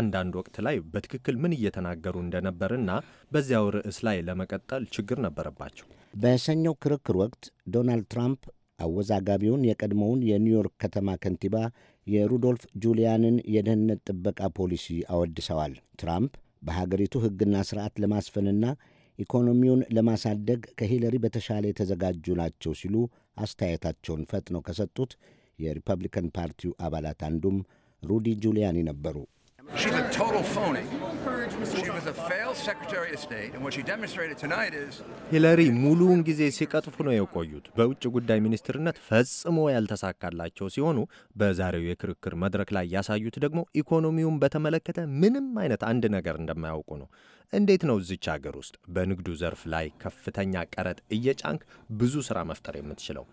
አንዳንድ ወቅት ላይ በትክክል ምን እየተናገሩ እንደነበርና በዚያው ርዕስ ላይ ለመቀጠል ችግር ነበረባቸው። በሰኞው ክርክር ወቅት ዶናልድ ትራምፕ አወዛጋቢውን የቀድሞውን የኒውዮርክ ከተማ ከንቲባ የሩዶልፍ ጁሊያንን የደህንነት ጥበቃ ፖሊሲ አወድሰዋል። ትራምፕ በሀገሪቱ ሕግና ሥርዓት ለማስፈንና ኢኮኖሚውን ለማሳደግ ከሂለሪ በተሻለ የተዘጋጁ ናቸው ሲሉ አስተያየታቸውን ፈጥነው ከሰጡት የሪፐብሊካን ፓርቲው አባላት አንዱም ሩዲ ጁሊያኒ ነበሩ። She's a total phony. She was a failed Secretary of State, and what she demonstrated tonight is ሂለሪ ሙሉውን ጊዜ ሲቀጥፉ ነው የቆዩት። በውጭ ጉዳይ ሚኒስትርነት ፈጽሞ ያልተሳካላቸው ሲሆኑ በዛሬው የክርክር መድረክ ላይ ያሳዩት ደግሞ ኢኮኖሚውን በተመለከተ ምንም አይነት አንድ ነገር እንደማያውቁ ነው። እንዴት ነው እዚች ሀገር ውስጥ በንግዱ ዘርፍ ላይ ከፍተኛ ቀረጥ እየጫንክ ብዙ ስራ መፍጠር የምትችለው?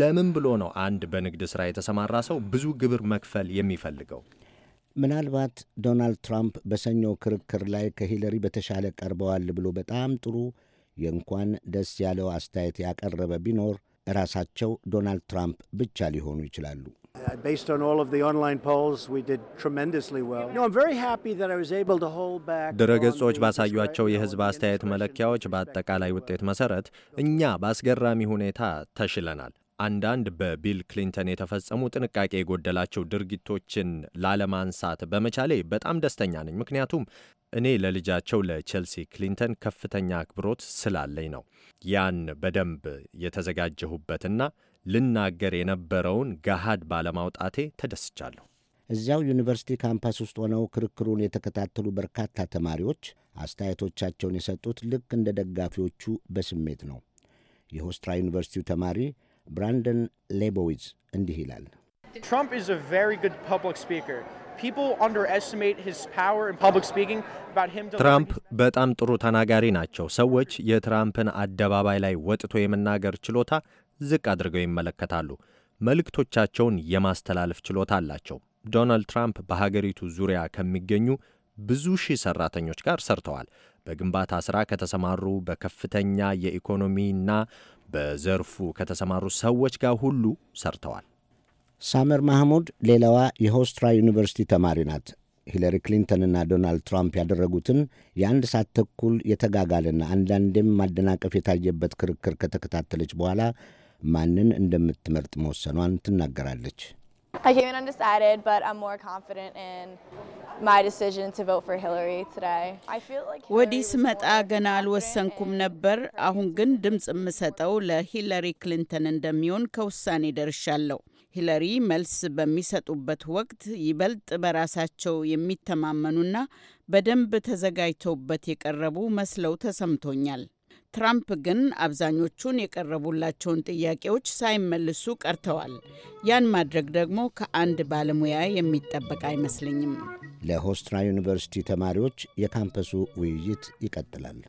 ለምን ብሎ ነው አንድ በንግድ ስራ የተሰማራ ሰው ብዙ ግብር መክፈል የሚፈልገው? ምናልባት ዶናልድ ትራምፕ በሰኞው ክርክር ላይ ከሂለሪ በተሻለ ቀርበዋል ብሎ በጣም ጥሩ የእንኳን ደስ ያለው አስተያየት ያቀረበ ቢኖር ራሳቸው ዶናልድ ትራምፕ ብቻ ሊሆኑ ይችላሉ። ድረገጾች ባሳዩቸው የሕዝብ አስተያየት መለኪያዎች በአጠቃላይ ውጤት መሰረት እኛ በአስገራሚ ሁኔታ ተሽለናል። አንዳንድ በቢል ክሊንተን የተፈጸሙ ጥንቃቄ የጎደላቸው ድርጊቶችን ላለማንሳት በመቻሌ በጣም ደስተኛ ነኝ። ምክንያቱም እኔ ለልጃቸው ለቼልሲ ክሊንተን ከፍተኛ አክብሮት ስላለኝ ነው። ያን በደንብ የተዘጋጀሁበትና ልናገር የነበረውን ገሃድ ባለማውጣቴ ተደስቻለሁ። እዚያው ዩኒቨርሲቲ ካምፓስ ውስጥ ሆነው ክርክሩን የተከታተሉ በርካታ ተማሪዎች አስተያየቶቻቸውን የሰጡት ልክ እንደ ደጋፊዎቹ በስሜት ነው። የሆስትራ ዩኒቨርሲቲው ተማሪ ብራንደን ሌቦዊዝ እንዲህ ይላል። ትራምፕ ኢዝ አ ቨሪ ጉድ ፐብሊክ ስፒከር ትራምፕ በጣም ጥሩ ተናጋሪ ናቸው። ሰዎች የትራምፕን አደባባይ ላይ ወጥቶ የመናገር ችሎታ ዝቅ አድርገው ይመለከታሉ። መልእክቶቻቸውን የማስተላለፍ ችሎታ አላቸው። ዶናልድ ትራምፕ በሀገሪቱ ዙሪያ ከሚገኙ ብዙ ሺህ ሠራተኞች ጋር ሰርተዋል። በግንባታ ሥራ ከተሰማሩ በከፍተኛ የኢኮኖሚና በዘርፉ ከተሰማሩ ሰዎች ጋር ሁሉ ሰርተዋል። ሳመር ማህሙድ ሌላዋ የሆስትራ ዩኒቨርሲቲ ተማሪ ናት። ሂለሪ ክሊንተንና ዶናልድ ትራምፕ ያደረጉትን የአንድ ሰዓት ተኩል የተጋጋለና አንዳንዴም ማደናቀፍ የታየበት ክርክር ከተከታተለች በኋላ ማንን እንደምትመርጥ መወሰኗን ትናገራለች። I came in undecided, but I'm more confident in my decision to vote for Hillary today. I feel like ወዲህ ስመጣ ገና አልወሰንኩም ነበር። አሁን ግን ድምፅ የምሰጠው ለሂለሪ ክሊንተን እንደሚሆን ከውሳኔ ደርሻለሁ። ሂለሪ መልስ በሚሰጡበት ወቅት ይበልጥ በራሳቸው የሚተማመኑና በደንብ ተዘጋጅተውበት የቀረቡ መስለው ተሰምቶኛል። ትራምፕ ግን አብዛኞቹን የቀረቡላቸውን ጥያቄዎች ሳይመልሱ ቀርተዋል። ያን ማድረግ ደግሞ ከአንድ ባለሙያ የሚጠበቅ አይመስለኝም። ለሆስትና ዩኒቨርሲቲ ተማሪዎች የካምፐሱ ውይይት ይቀጥላል።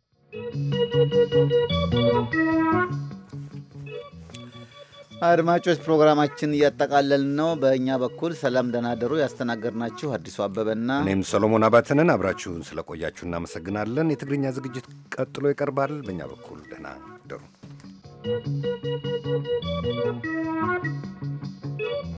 አድማጮች ፕሮግራማችን እያጠቃለልን ነው። በእኛ በኩል ሰላም ደናደሩ ያስተናገድናችሁ አዲሱ አበበና እኔም ሰሎሞን አባትንን አብራችሁን ስለቆያችሁ እናመሰግናለን። የትግርኛ ዝግጅት ቀጥሎ ይቀርባል። በእኛ በኩል Thank you.